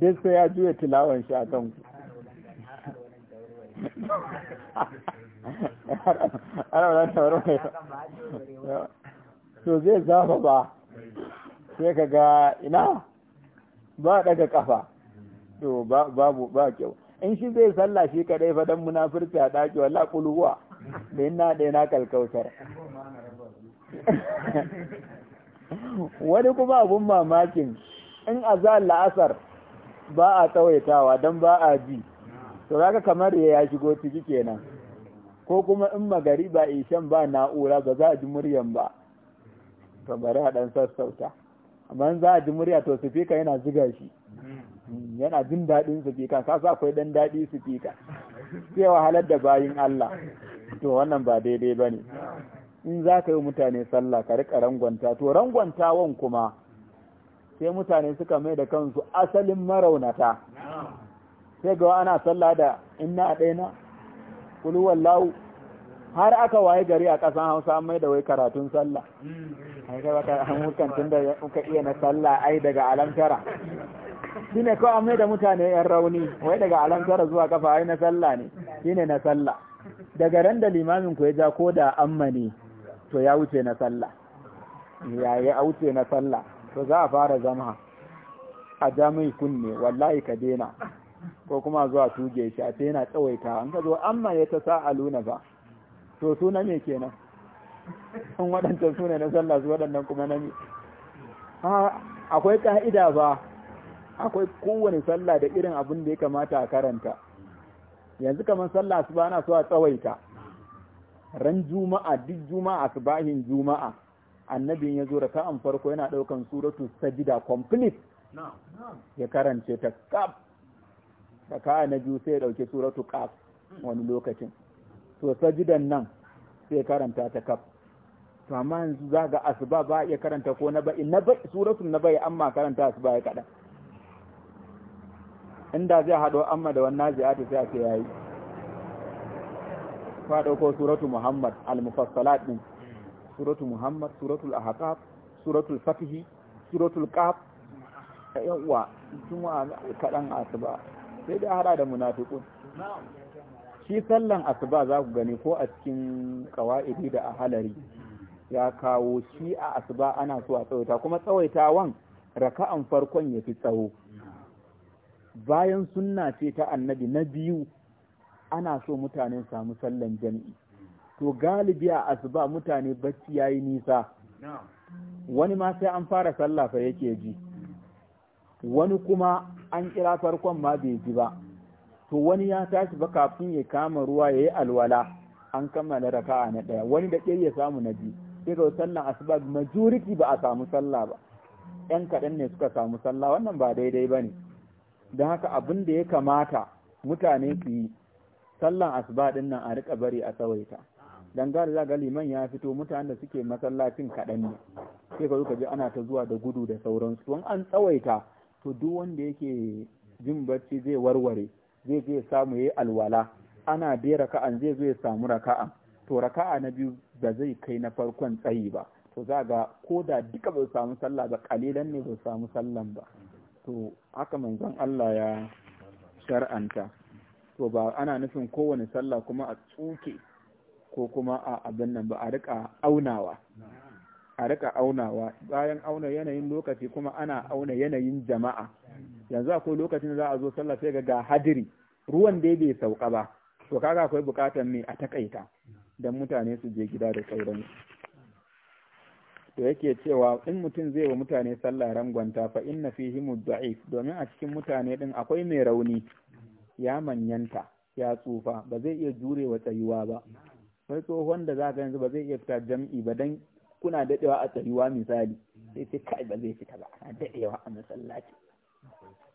duk sai ya juya tilawan shi a kan ku ana to zai zafa ba sai ka ga ina ba daga kafa to babu ba kyau in shi zai salla shi kadai fa dan munafirci a daki walla kuluwa da ina da ina kalkautar wani kuma abun mamakin in za la'asar ba a tsawaitawa don ba a ji to zaka kamar ya shigo ciki kenan ko kuma in magari ba ishan ba na'ura ba za a ji muryan ba to bari a ɗan sassauta amma za a ji murya to sifika yana ziga shi yana jin daɗin sifika ka akwai ɗan daɗi sifika sai wahalar da bayin Allah to wannan ba daidai ba ne in za ka yi mutane sallah ka riƙa rangwanta to rangwantawan kuma sai mutane suka mai da kansu asalin maraunata sai ga ana sallah da inna a ɗaina kulu wallahu har aka waye gari a ƙasan hausa an mai da wai karatun sallah ai ka baka hamukan tun da kuka iya na sallah ai daga alam shi ne kawai an mai da mutane yan rauni wai daga tara zuwa kafa ai na sallah ne shi ne na sallah daga ran da limamin ku ya ja ko da amma ne to ya wuce na sallah ya ya wuce na sallah to za a fara zama a jami'i kunne wallahi ka dena ko kuma zuwa tuge shi a sai yana tsawaita an ka zo amma ya ta sa'aluna ba to suna me kenan sun waɗancan suna na sallah su waɗannan kuma na me akwai ƙa'ida ba akwai kowane sallah da irin abin da ya kamata a karanta yanzu kamar sallah su ba na so a tsawaita ran juma'a duk juma'a su bahin juma'a annabin ya zo raka'an farko yana ɗaukan suratu sajida complete ya karance ta kaf raka'a na biyu sai ya dauki suratu qaf wani lokacin to sajidan nan sai karanta ta kaf to amma yanzu za ga asuba ba iya karanta ko na bai na bai suratu na bai amma karanta asuba ya kada inda zai hado amma da wannan ziyata sai ake yayi fa dauko suratu muhammad al-mufassalat din suratu muhammad suratul ahqaf suratul fatih suratul qaf yawa juma'a kadan asuba sai da hada da munafiqun shi sallan asuba za ku gani ko a cikin qawaidi da ahalari ya kawo shi a asuba ana so a tsawaita kuma tsawaitawan raka'an farkon yafi tsawo bayan sunna ce ta annabi na biyu ana so mutane samu sallan jami'i to galibi a asuba mutane bacci yayi nisa wani ma sai an fara sallah fa yake ji wani kuma an kira farkon ma bai ji ba to wani ya tashi ba kafin ya kama ruwa ya yi alwala an kammala raka'a na ɗaya wani da ya samu na biyu sai ga sallan asbab majority ba a samu sallah ba Ƴan kaɗan ne suka samu sallah wannan ba daidai ba ne don haka abin da ya kamata mutane su yi sallan asbab ɗin nan a riƙa bari a tsawaita dan gari za ga liman ya fito mutanen da suke masallacin kaɗan ne sai ka zo ka ji ana ta zuwa da gudu da sauransu don an tsawaita to duk wanda yake jin bacci zai warware zai je samu yayi alwala ana da raka'an zai zo ya samu raka'a to raka'a na biyu ba zai kai na farkon tsayi ba to za ga ko da duka ba samu sallah ba kalilan ne ba samu sallan ba to haka manzon Allah ya shar'anta to ba ana nufin kowane sallah kuma a tsuke ko kuma a abin nan ba a rika aunawa a rika aunawa bayan auna yanayin lokaci kuma ana auna yanayin jama'a yanzu akwai lokacin da za a zo sallah sai ga hadiri ruwan dai bai sauka ba to kaga akwai bukatar ne a takaita don mutane su je gida da sauran to yake cewa in mutum zai wa mutane sallah rangwanta fa inna fihimu mudda'if domin a cikin mutane din akwai mai rauni ya manyanta ya tsufa ba zai iya jurewa tsayuwa ba sai tsohon da za yanzu ba zai iya fita jam'i ba dan kuna dadewa a tsayuwa misali sai ce kai ba zai fita ba ana dadewa a masallaci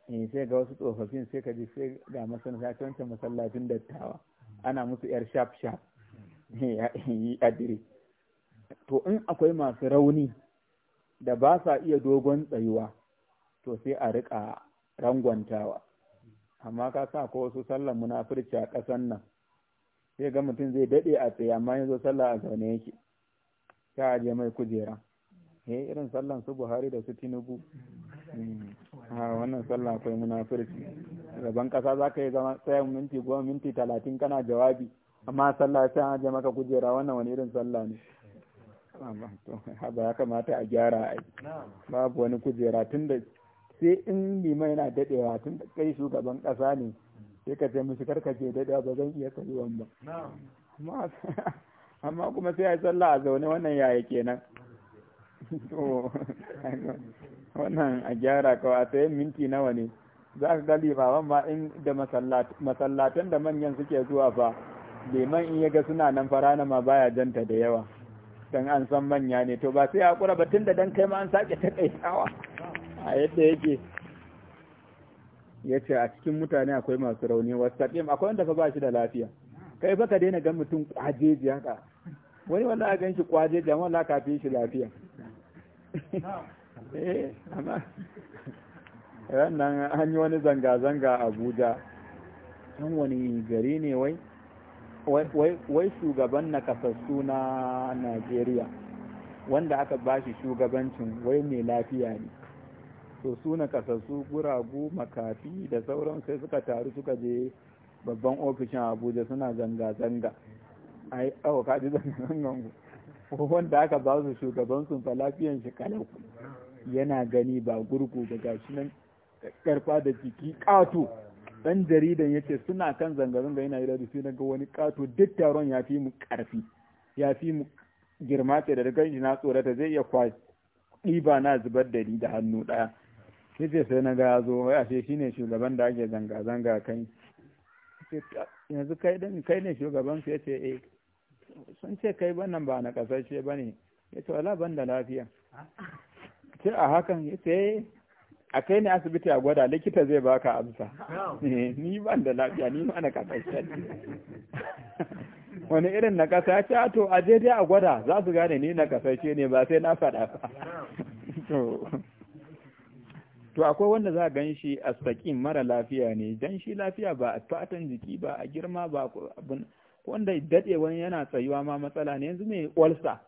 eh sai ga wasu tsofaffin sai ka ji sai ga masallaci wancan masallacin dattawa ana musu yar sharp sharp eh, yi adire to in akwai masu rauni da ba sa iya dogon tsayuwa to sai a rika rangwantawa amma ka sa ko wasu sallan munafirci a ƙasan nan sai ga mutum zai daɗe a tsaye amma zo sallah a zaune yake ta je mai kujera eh irin sallan su Buhari da su Tinubu hmm. a ah, wannan sallah akwai munafirci gaban kasa za ka yi zama tsayan minti goma minti talatin kana jawabi amma sallah an je maka kujera wannan wani irin sallah ne haba ya kamata a gyara a yi. babu wani kujera tun da sai in lima yana dadewa tun da kai shugaban kasa ne sai ka ce mishi karkace dadewa ba zan iya tsayuwan ba amma kuma sai a yi sallah a zaune wannan yaya kenan wannan a gyara kawai a sayan minti nawa ne za ka ba ban ma in da masallatan da manyan suke zuwa fa liman in yaga suna nan na ma baya janta da yawa dan an san manya ne to ba sai hakura ba tunda dan kai ma an sake takaitawa a yadda yake yace a cikin mutane akwai masu rauni wasaqim akwai wanda fa ba shi da lafiya kai fa ka daina ga mutum kwajeji haka wani wanda a gan shi kwaje da wanda ka fi shi lafiya eh amma an wani zanga-zanga a abuja an wani gari ne wai wai shugaban nakasassu na najeriya wanda aka bashi shugabancin wai mai lafiya ne to su nakasassu guragu makafi da sauran sai suka taru suka je babban ofishin abuja suna zanga-zanga ai awa ka ji zanganan wanda aka ba su shugaban sun fa lafiyan shi kalau yana gani ba gurgu ba gashi nan karfa da jiki kato dan jaridan yace suna kan zanga-zanga yana da su ga wani kato duk taron ya fi mu karfi ya fi mu girma ce da ganji na tsorata zai iya kwa ɗiba na zubar da ni da hannu ɗaya yace sai na ga ya zo wai ashe shine shugaban da ake zanga-zanga kai yanzu kai ne shugaban su yace eh sun ce kai wannan ba na kasashe ba ne ya ce wala ban da lafiya ce a hakan ya ce eh, a kai ne asibiti a gwada likita zai baka amsa eh, ni ban da lafiya ni ma na kasashe wani irin na kasa ce a to a je dai a gwada za su gane ni na kasashe ne ba sai na faɗa ba to akwai wanda za a gan shi a sakin mara lafiya ne dan shi lafiya ba a fatan jiki ba a girma ba abin wanda dadewan yana tsayuwa ma matsala ne yanzu mai walsa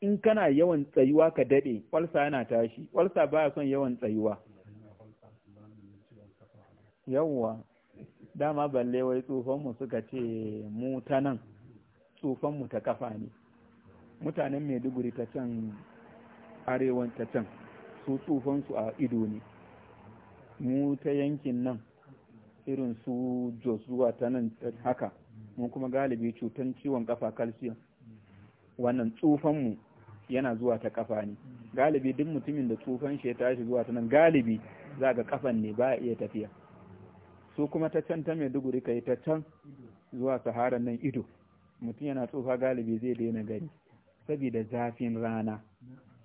in kana yawan tsayuwa ka daɗe walsa yana tashi walsa baya son yawan tsayuwa yawwa dama balle wai tsufanmu suka ce mu ta nan tsufanmu ta kafa ne mutanen maiduguri ta can arewan ta can su tsufansu a ido ne mu ta yankin nan irin su jos zuwa ta nan haka mu kuma galibi cutan ciwon kafa calcium wannan tsufan mu yana zuwa ta kafa ne galibi duk mutumin da tsufan shi ya tashi zuwa ta nan galibi za ga kafan ne ba iya tafiya su kuma ta can ta maiduguri kai ta can zuwa sahara nan ido mutum yana tsufa galibi zai daina gari saboda zafin rana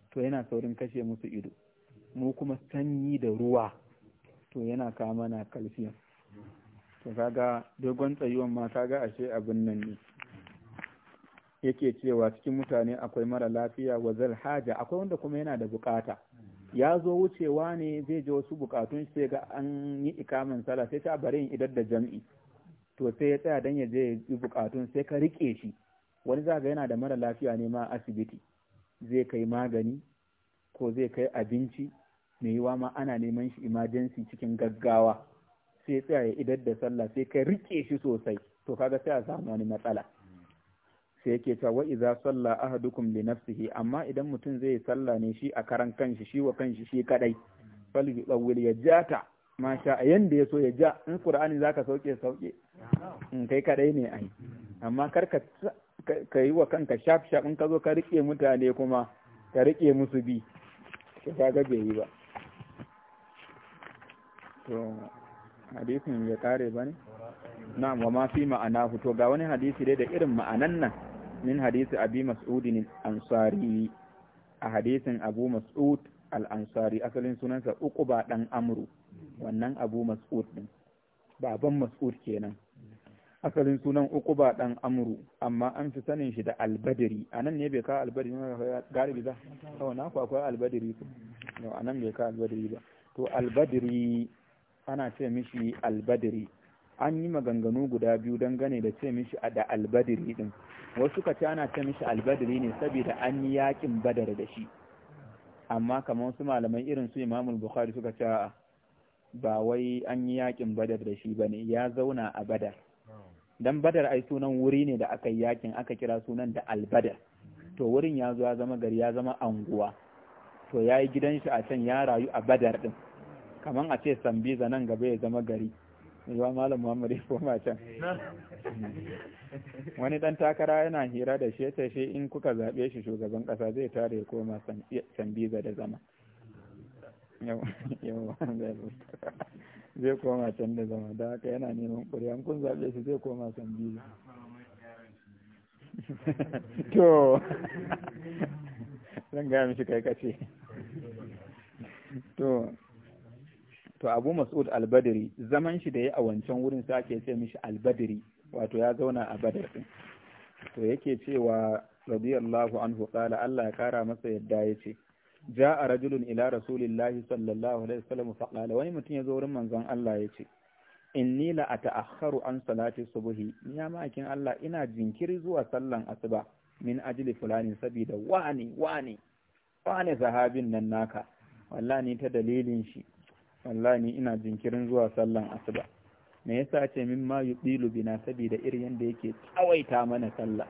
to yana saurin kashe musu ido mu kuma sanyi da ruwa to yana kama na calcium to kaga dogon tsayuwan ma kaga ashe abin nan ne yake cewa cikin mutane akwai mara lafiya wa zal haja akwai wanda kuma yana da bukata ya zo wucewa ne zai je wasu bukatun sai ga an yi ikamin sala sai ta bari idar da jam'i to sai ya tsaya dan ya je yi bukatun sai ka rike shi wani zaga yana da mara lafiya ne ma asibiti zai kai magani ko zai kai abinci mai yiwa ma ana neman shi imajensi cikin gaggawa sai tsaya ya idar da sallah sai ka rike shi sosai to kaga sai a samu wani matsala sai yake cewa wa idza salla ahadukum li nafsihi amma idan mutum zai sallah ne shi a karan kanshi shi wa kanshi shi kadai fal yudawwil yajata masha a yanda yaso ya ja in qur'ani zaka sauke sauke in kai kadai ne ai amma kar ka ka yi wa kanka shaf shaf in ka zo ka rike mutane kuma ka rike musu bi ka ga bai yi ba to hadisin ya kare ba ne Na wa ma fi ma'ana to ga wani hadisi dai da irin ma'anan nan min hadisi abi mas'udin ansari a hadisin abu mas'ud al-ansari asalin sunansa uquba dan amru wannan abu mas'ud din baban mas'ud kenan asalin sunan uquba dan amru amma an fi sanin shi da albadiri anan ne bai ka albadiri ba galibi za to na ku akwai albadiri to anan bai ka albadiri ba to albadiri ana ce mishi albadiri an yi maganganu guda biyu dangane da ce mishi da albadiri din wasu ka ce ana ce mishi albadiri ne saboda an yi yakin badar da shi amma kamar wasu malamai irin su imamul bukhari suka ce ba wai an yi yakin badar da shi ba ne ya zauna a badar dan badar ai sunan wuri ne da aka yi yakin aka kira sunan da albadar to wurin ya zo ya zama gari ya zama anguwa to ya yi gidan shi a can ya rayu a badar din kaman a ce sambiza nan gaba ya zama gari yiwa malam muhammadu ya koma can wani dan takara yana hira da shi ta shi in kuka zaɓe shi shugaban ƙasa zai tare ya koma sambiza da zama zai koma can da zama da haka yana neman ƙuri'an kun zaɓe shi zai koma sambiza to zan gaya mishi kai kace to to abu mas'ud albadiri zaman shi da ya a wancan wurin sake ake ce mishi albadiri wato ya zauna a badar din to yake cewa radiyallahu anhu qala Allah ya kara masa yadda yace ja'a rajulun ila rasulillahi sallallahu alaihi wasallam fa qala wani mutum ya zo wurin manzon Allah yace inni la ata'akhkharu an salati subhi ya ma'akin Allah ina jinkiri zuwa sallan asuba min ajli fulani sabida wani wani wani sahabin nan naka wallahi ta dalilin shi wallahi ni ina jinkirin zuwa sallan asuba me yasa ce min ma yudilu bina saboda irin yanda yake tsawaita mana sallah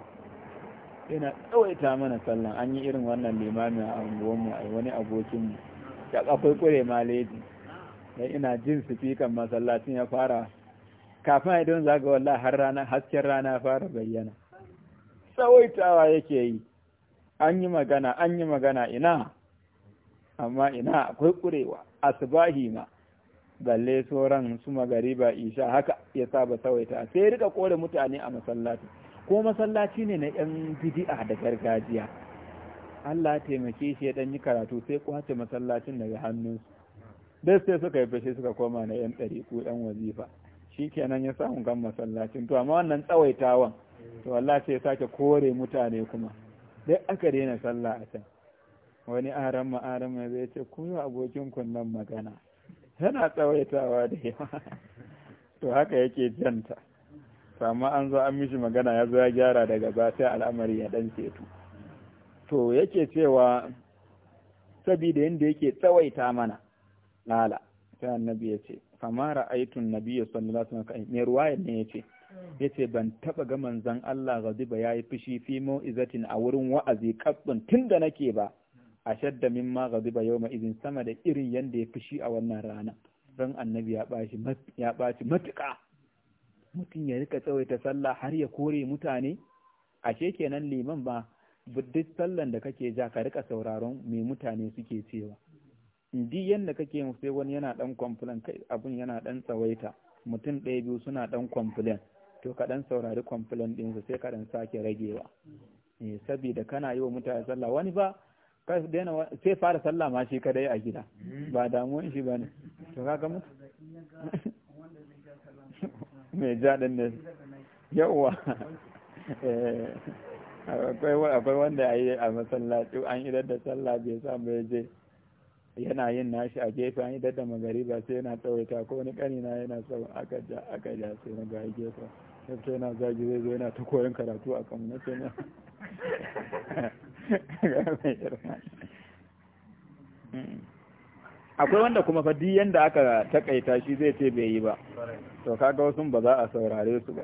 yana tsawaita mana sallah an yi irin wannan limamin a unguwanmu a wani abokinmu ya kafai kure ma lady dan ina jin sifikan masallacin ya fara kafin idan don zaga wallahi har rana hasken rana fara bayyana tsawaitawa yake yi an yi magana an yi magana ina amma ina akwai kurewa asbahi ma balle sauran su magariba isha haka ya saba sawaita sai rika kore mutane a masallaci ko masallaci ne na yan bid'a da gargajiya Allah taimake shi ya dan yi karatu sai kwace masallacin daga hannunsu da sai suka yi fashe suka koma na yan ɗariƙu yan wazifa shi ya samu gan masallacin to amma wannan tsawaitawan to Allah sai ya sake kore mutane kuma dai aka daina sallah a can wani aran ma'aran mai zai ce ku yi abokin kunnan magana yana tsawaitawa da yawa to haka yake janta to amma an zo an mishi magana ya zo ya gyara daga ba sai al'amari ya dan ceto to yake cewa saboda yanda yake tsawaita mana lala sai annabi ya ce fama ra'aitun nabiyyu sallallahu alaihi wasallam ne ruwaya ne Ya ce ban taba ga manzan Allah ya yi fushi fi mau'izatin a wurin wa'azi tun da nake ba ashadda mimma ghadiba yawma idin sama da irin yanda ya fushi a wannan rana Don annabi ya bashi ya matuƙa mutum ya rika tsawaita sallah har ya kore mutane ashe kenan liman ba duk sallan da kake ja ka rika sauraron me mutane suke cewa indi yanda kake sai wani yana dan complain kai abun yana dan tsawaita mutum ɗaya biyu suna dan complain to ka dan saurari complain ɗinsu sai ka dan sake ragewa eh, sabida kana yi wa mutane sallah wani ba daina sai fara sallah ma shi kadai a gida hmm. ba damuwan shi bane to kaga mu mai ja din ne yawa eh, akwai wanda ayi a masallaci an idar da sallah bai sa mai je yana yin nashi a gefe an idar da magariba sai yana tsawaita ko wani kanina yana tsawon aka ja aka ja sai na ga gefe sai yana zagi zai zo yana ta koyon karatu a kan na akwai wanda kuma fa duk aka takaita shi zai ce bai yi ba to kaga wasu ba za a saurare su ba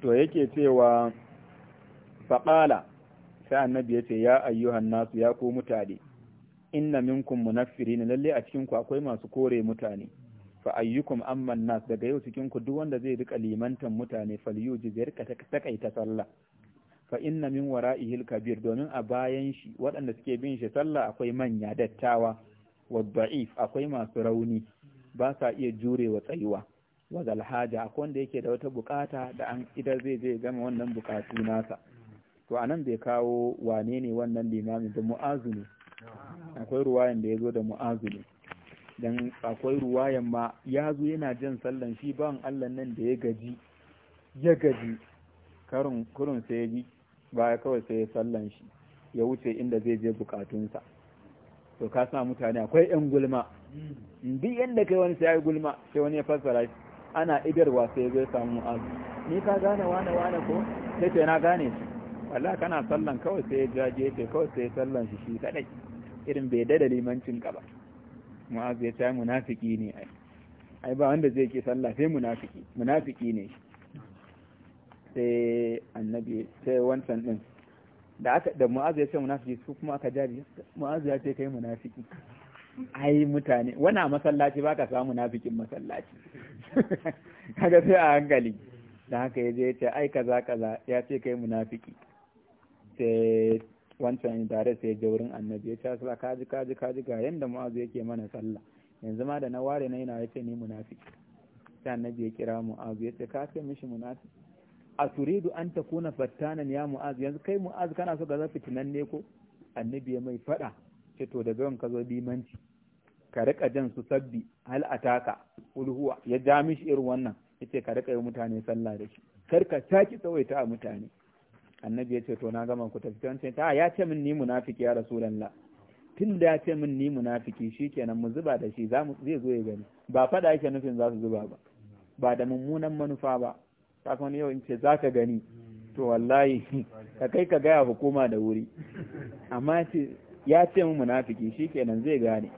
to yake cewa faƙala sai annabi ya ce ya ayyuhan nasu ya ko mutane inna minkum munaffirin lalle a cikinku akwai masu kore mutane fa ayyukum amman nas daga yau cikin ku duk wanda zai rika limantan mutane falyuji zai rika takaita sallah fa inna min wara'ihil kabir domin a bayan shi waɗanda suke bin shi sallah akwai manya dattawa wa da'if akwai masu rauni ba sa iya jurewa tsayuwa wa haja. akwai wanda yake da wata bukata da an ida zai je gama wannan bukatu nasa to anan bai kawo wane ne wannan limamin da mu'azu ne akwai ruwayan da ya zo da mu'azu ne dan akwai ruwayan ma ya yana jan sallan shi ban Allah nan da ya gaji ya gaji karin kurun sai ya ji baya kawai sai ya sallan shi ya wuce inda zai je bukatunsa to ka sa mutane akwai yan gulma bi yanda kai wani sai ya gulma sai wani ya fassara shi ana idarwa sai ya zo samu mu'azu ni ka gane wane wane ko sai ce na gane shi wallahi kana sallan kawai sai ya ja gefe kawai sai ya sallan shi shi kadai irin bai da limancin ka ba mu'azu ya ce munafiki ne ai ai ba wanda zai ke sallah sai munafiki munafiki ne shi sai annabi sai wancan din da aka da mu'azu ya ce munafiki su kuma aka jari mu'azu ya ce kai munafiki ai mutane a masallaci baka samu munafikin masallaci kaga sai a hankali da haka ya je ya ce ai kaza kaza ya ce kai munafiki sai wancan tare sai je wurin annabi ya ce asala kaji kaji kaji ga yanda mu'azu yake mana sallah yanzu ma da na ware na yana ya ce ni munafiki sai annabi ya kira mu'azu ya ce ka ce mishi munafiki a turidu an ta kuna fattanan ya mu'azu. yanzu kai mu'azu kana so ga za fitinan ne ko annabi ya mai faɗa ce to da zuwan ka zo limanci ka riƙa jan su sabbi hal ataka ulhuwa ya ja mishi irin wannan yace ka riƙa yi mutane sallah da shi kar ka saki tsawaita a mutane annabi ya ce to na gama ku tafi wancan ta ya ce min ni munafiki ya rasulullah tun da ya ce min ni munafiki shikenan mu zuba da shi zai zo ya gani ba faɗa yake nufin za su zuba ba ba da mummunan manufa ba kafin yau in ce za ka gani to wallahi ka kai ka gaya hukuma da wuri amma ya ce mu munafiki shi kenan zai gane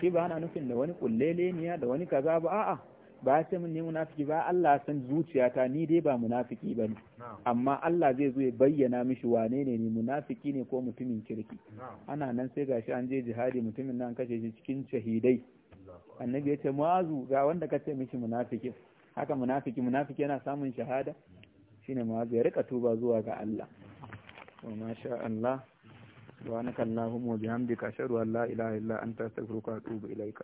shi ba ana nufin da wani kulleleniya da wani kaza ba a'a ba ce mun ne munafiki ba Allah san zuciyata ni dai ba munafiki ba ne amma Allah zai zo ya bayyana mishi wane ne ne munafiki ne ko mutumin kirki ana nan sai gashi an je jihadi mutumin nan kashe shi cikin shahidai annabi ya ce mu'azu ga wanda ka ce mishi munafiki haka munafiki munafiki yana samun shahada shine ma zai rika tuba zuwa ga Allah wa masha Allah subhanakallahumma wa bihamdika ashhadu an la ilaha illa anta astaghfiruka wa atubu ilaika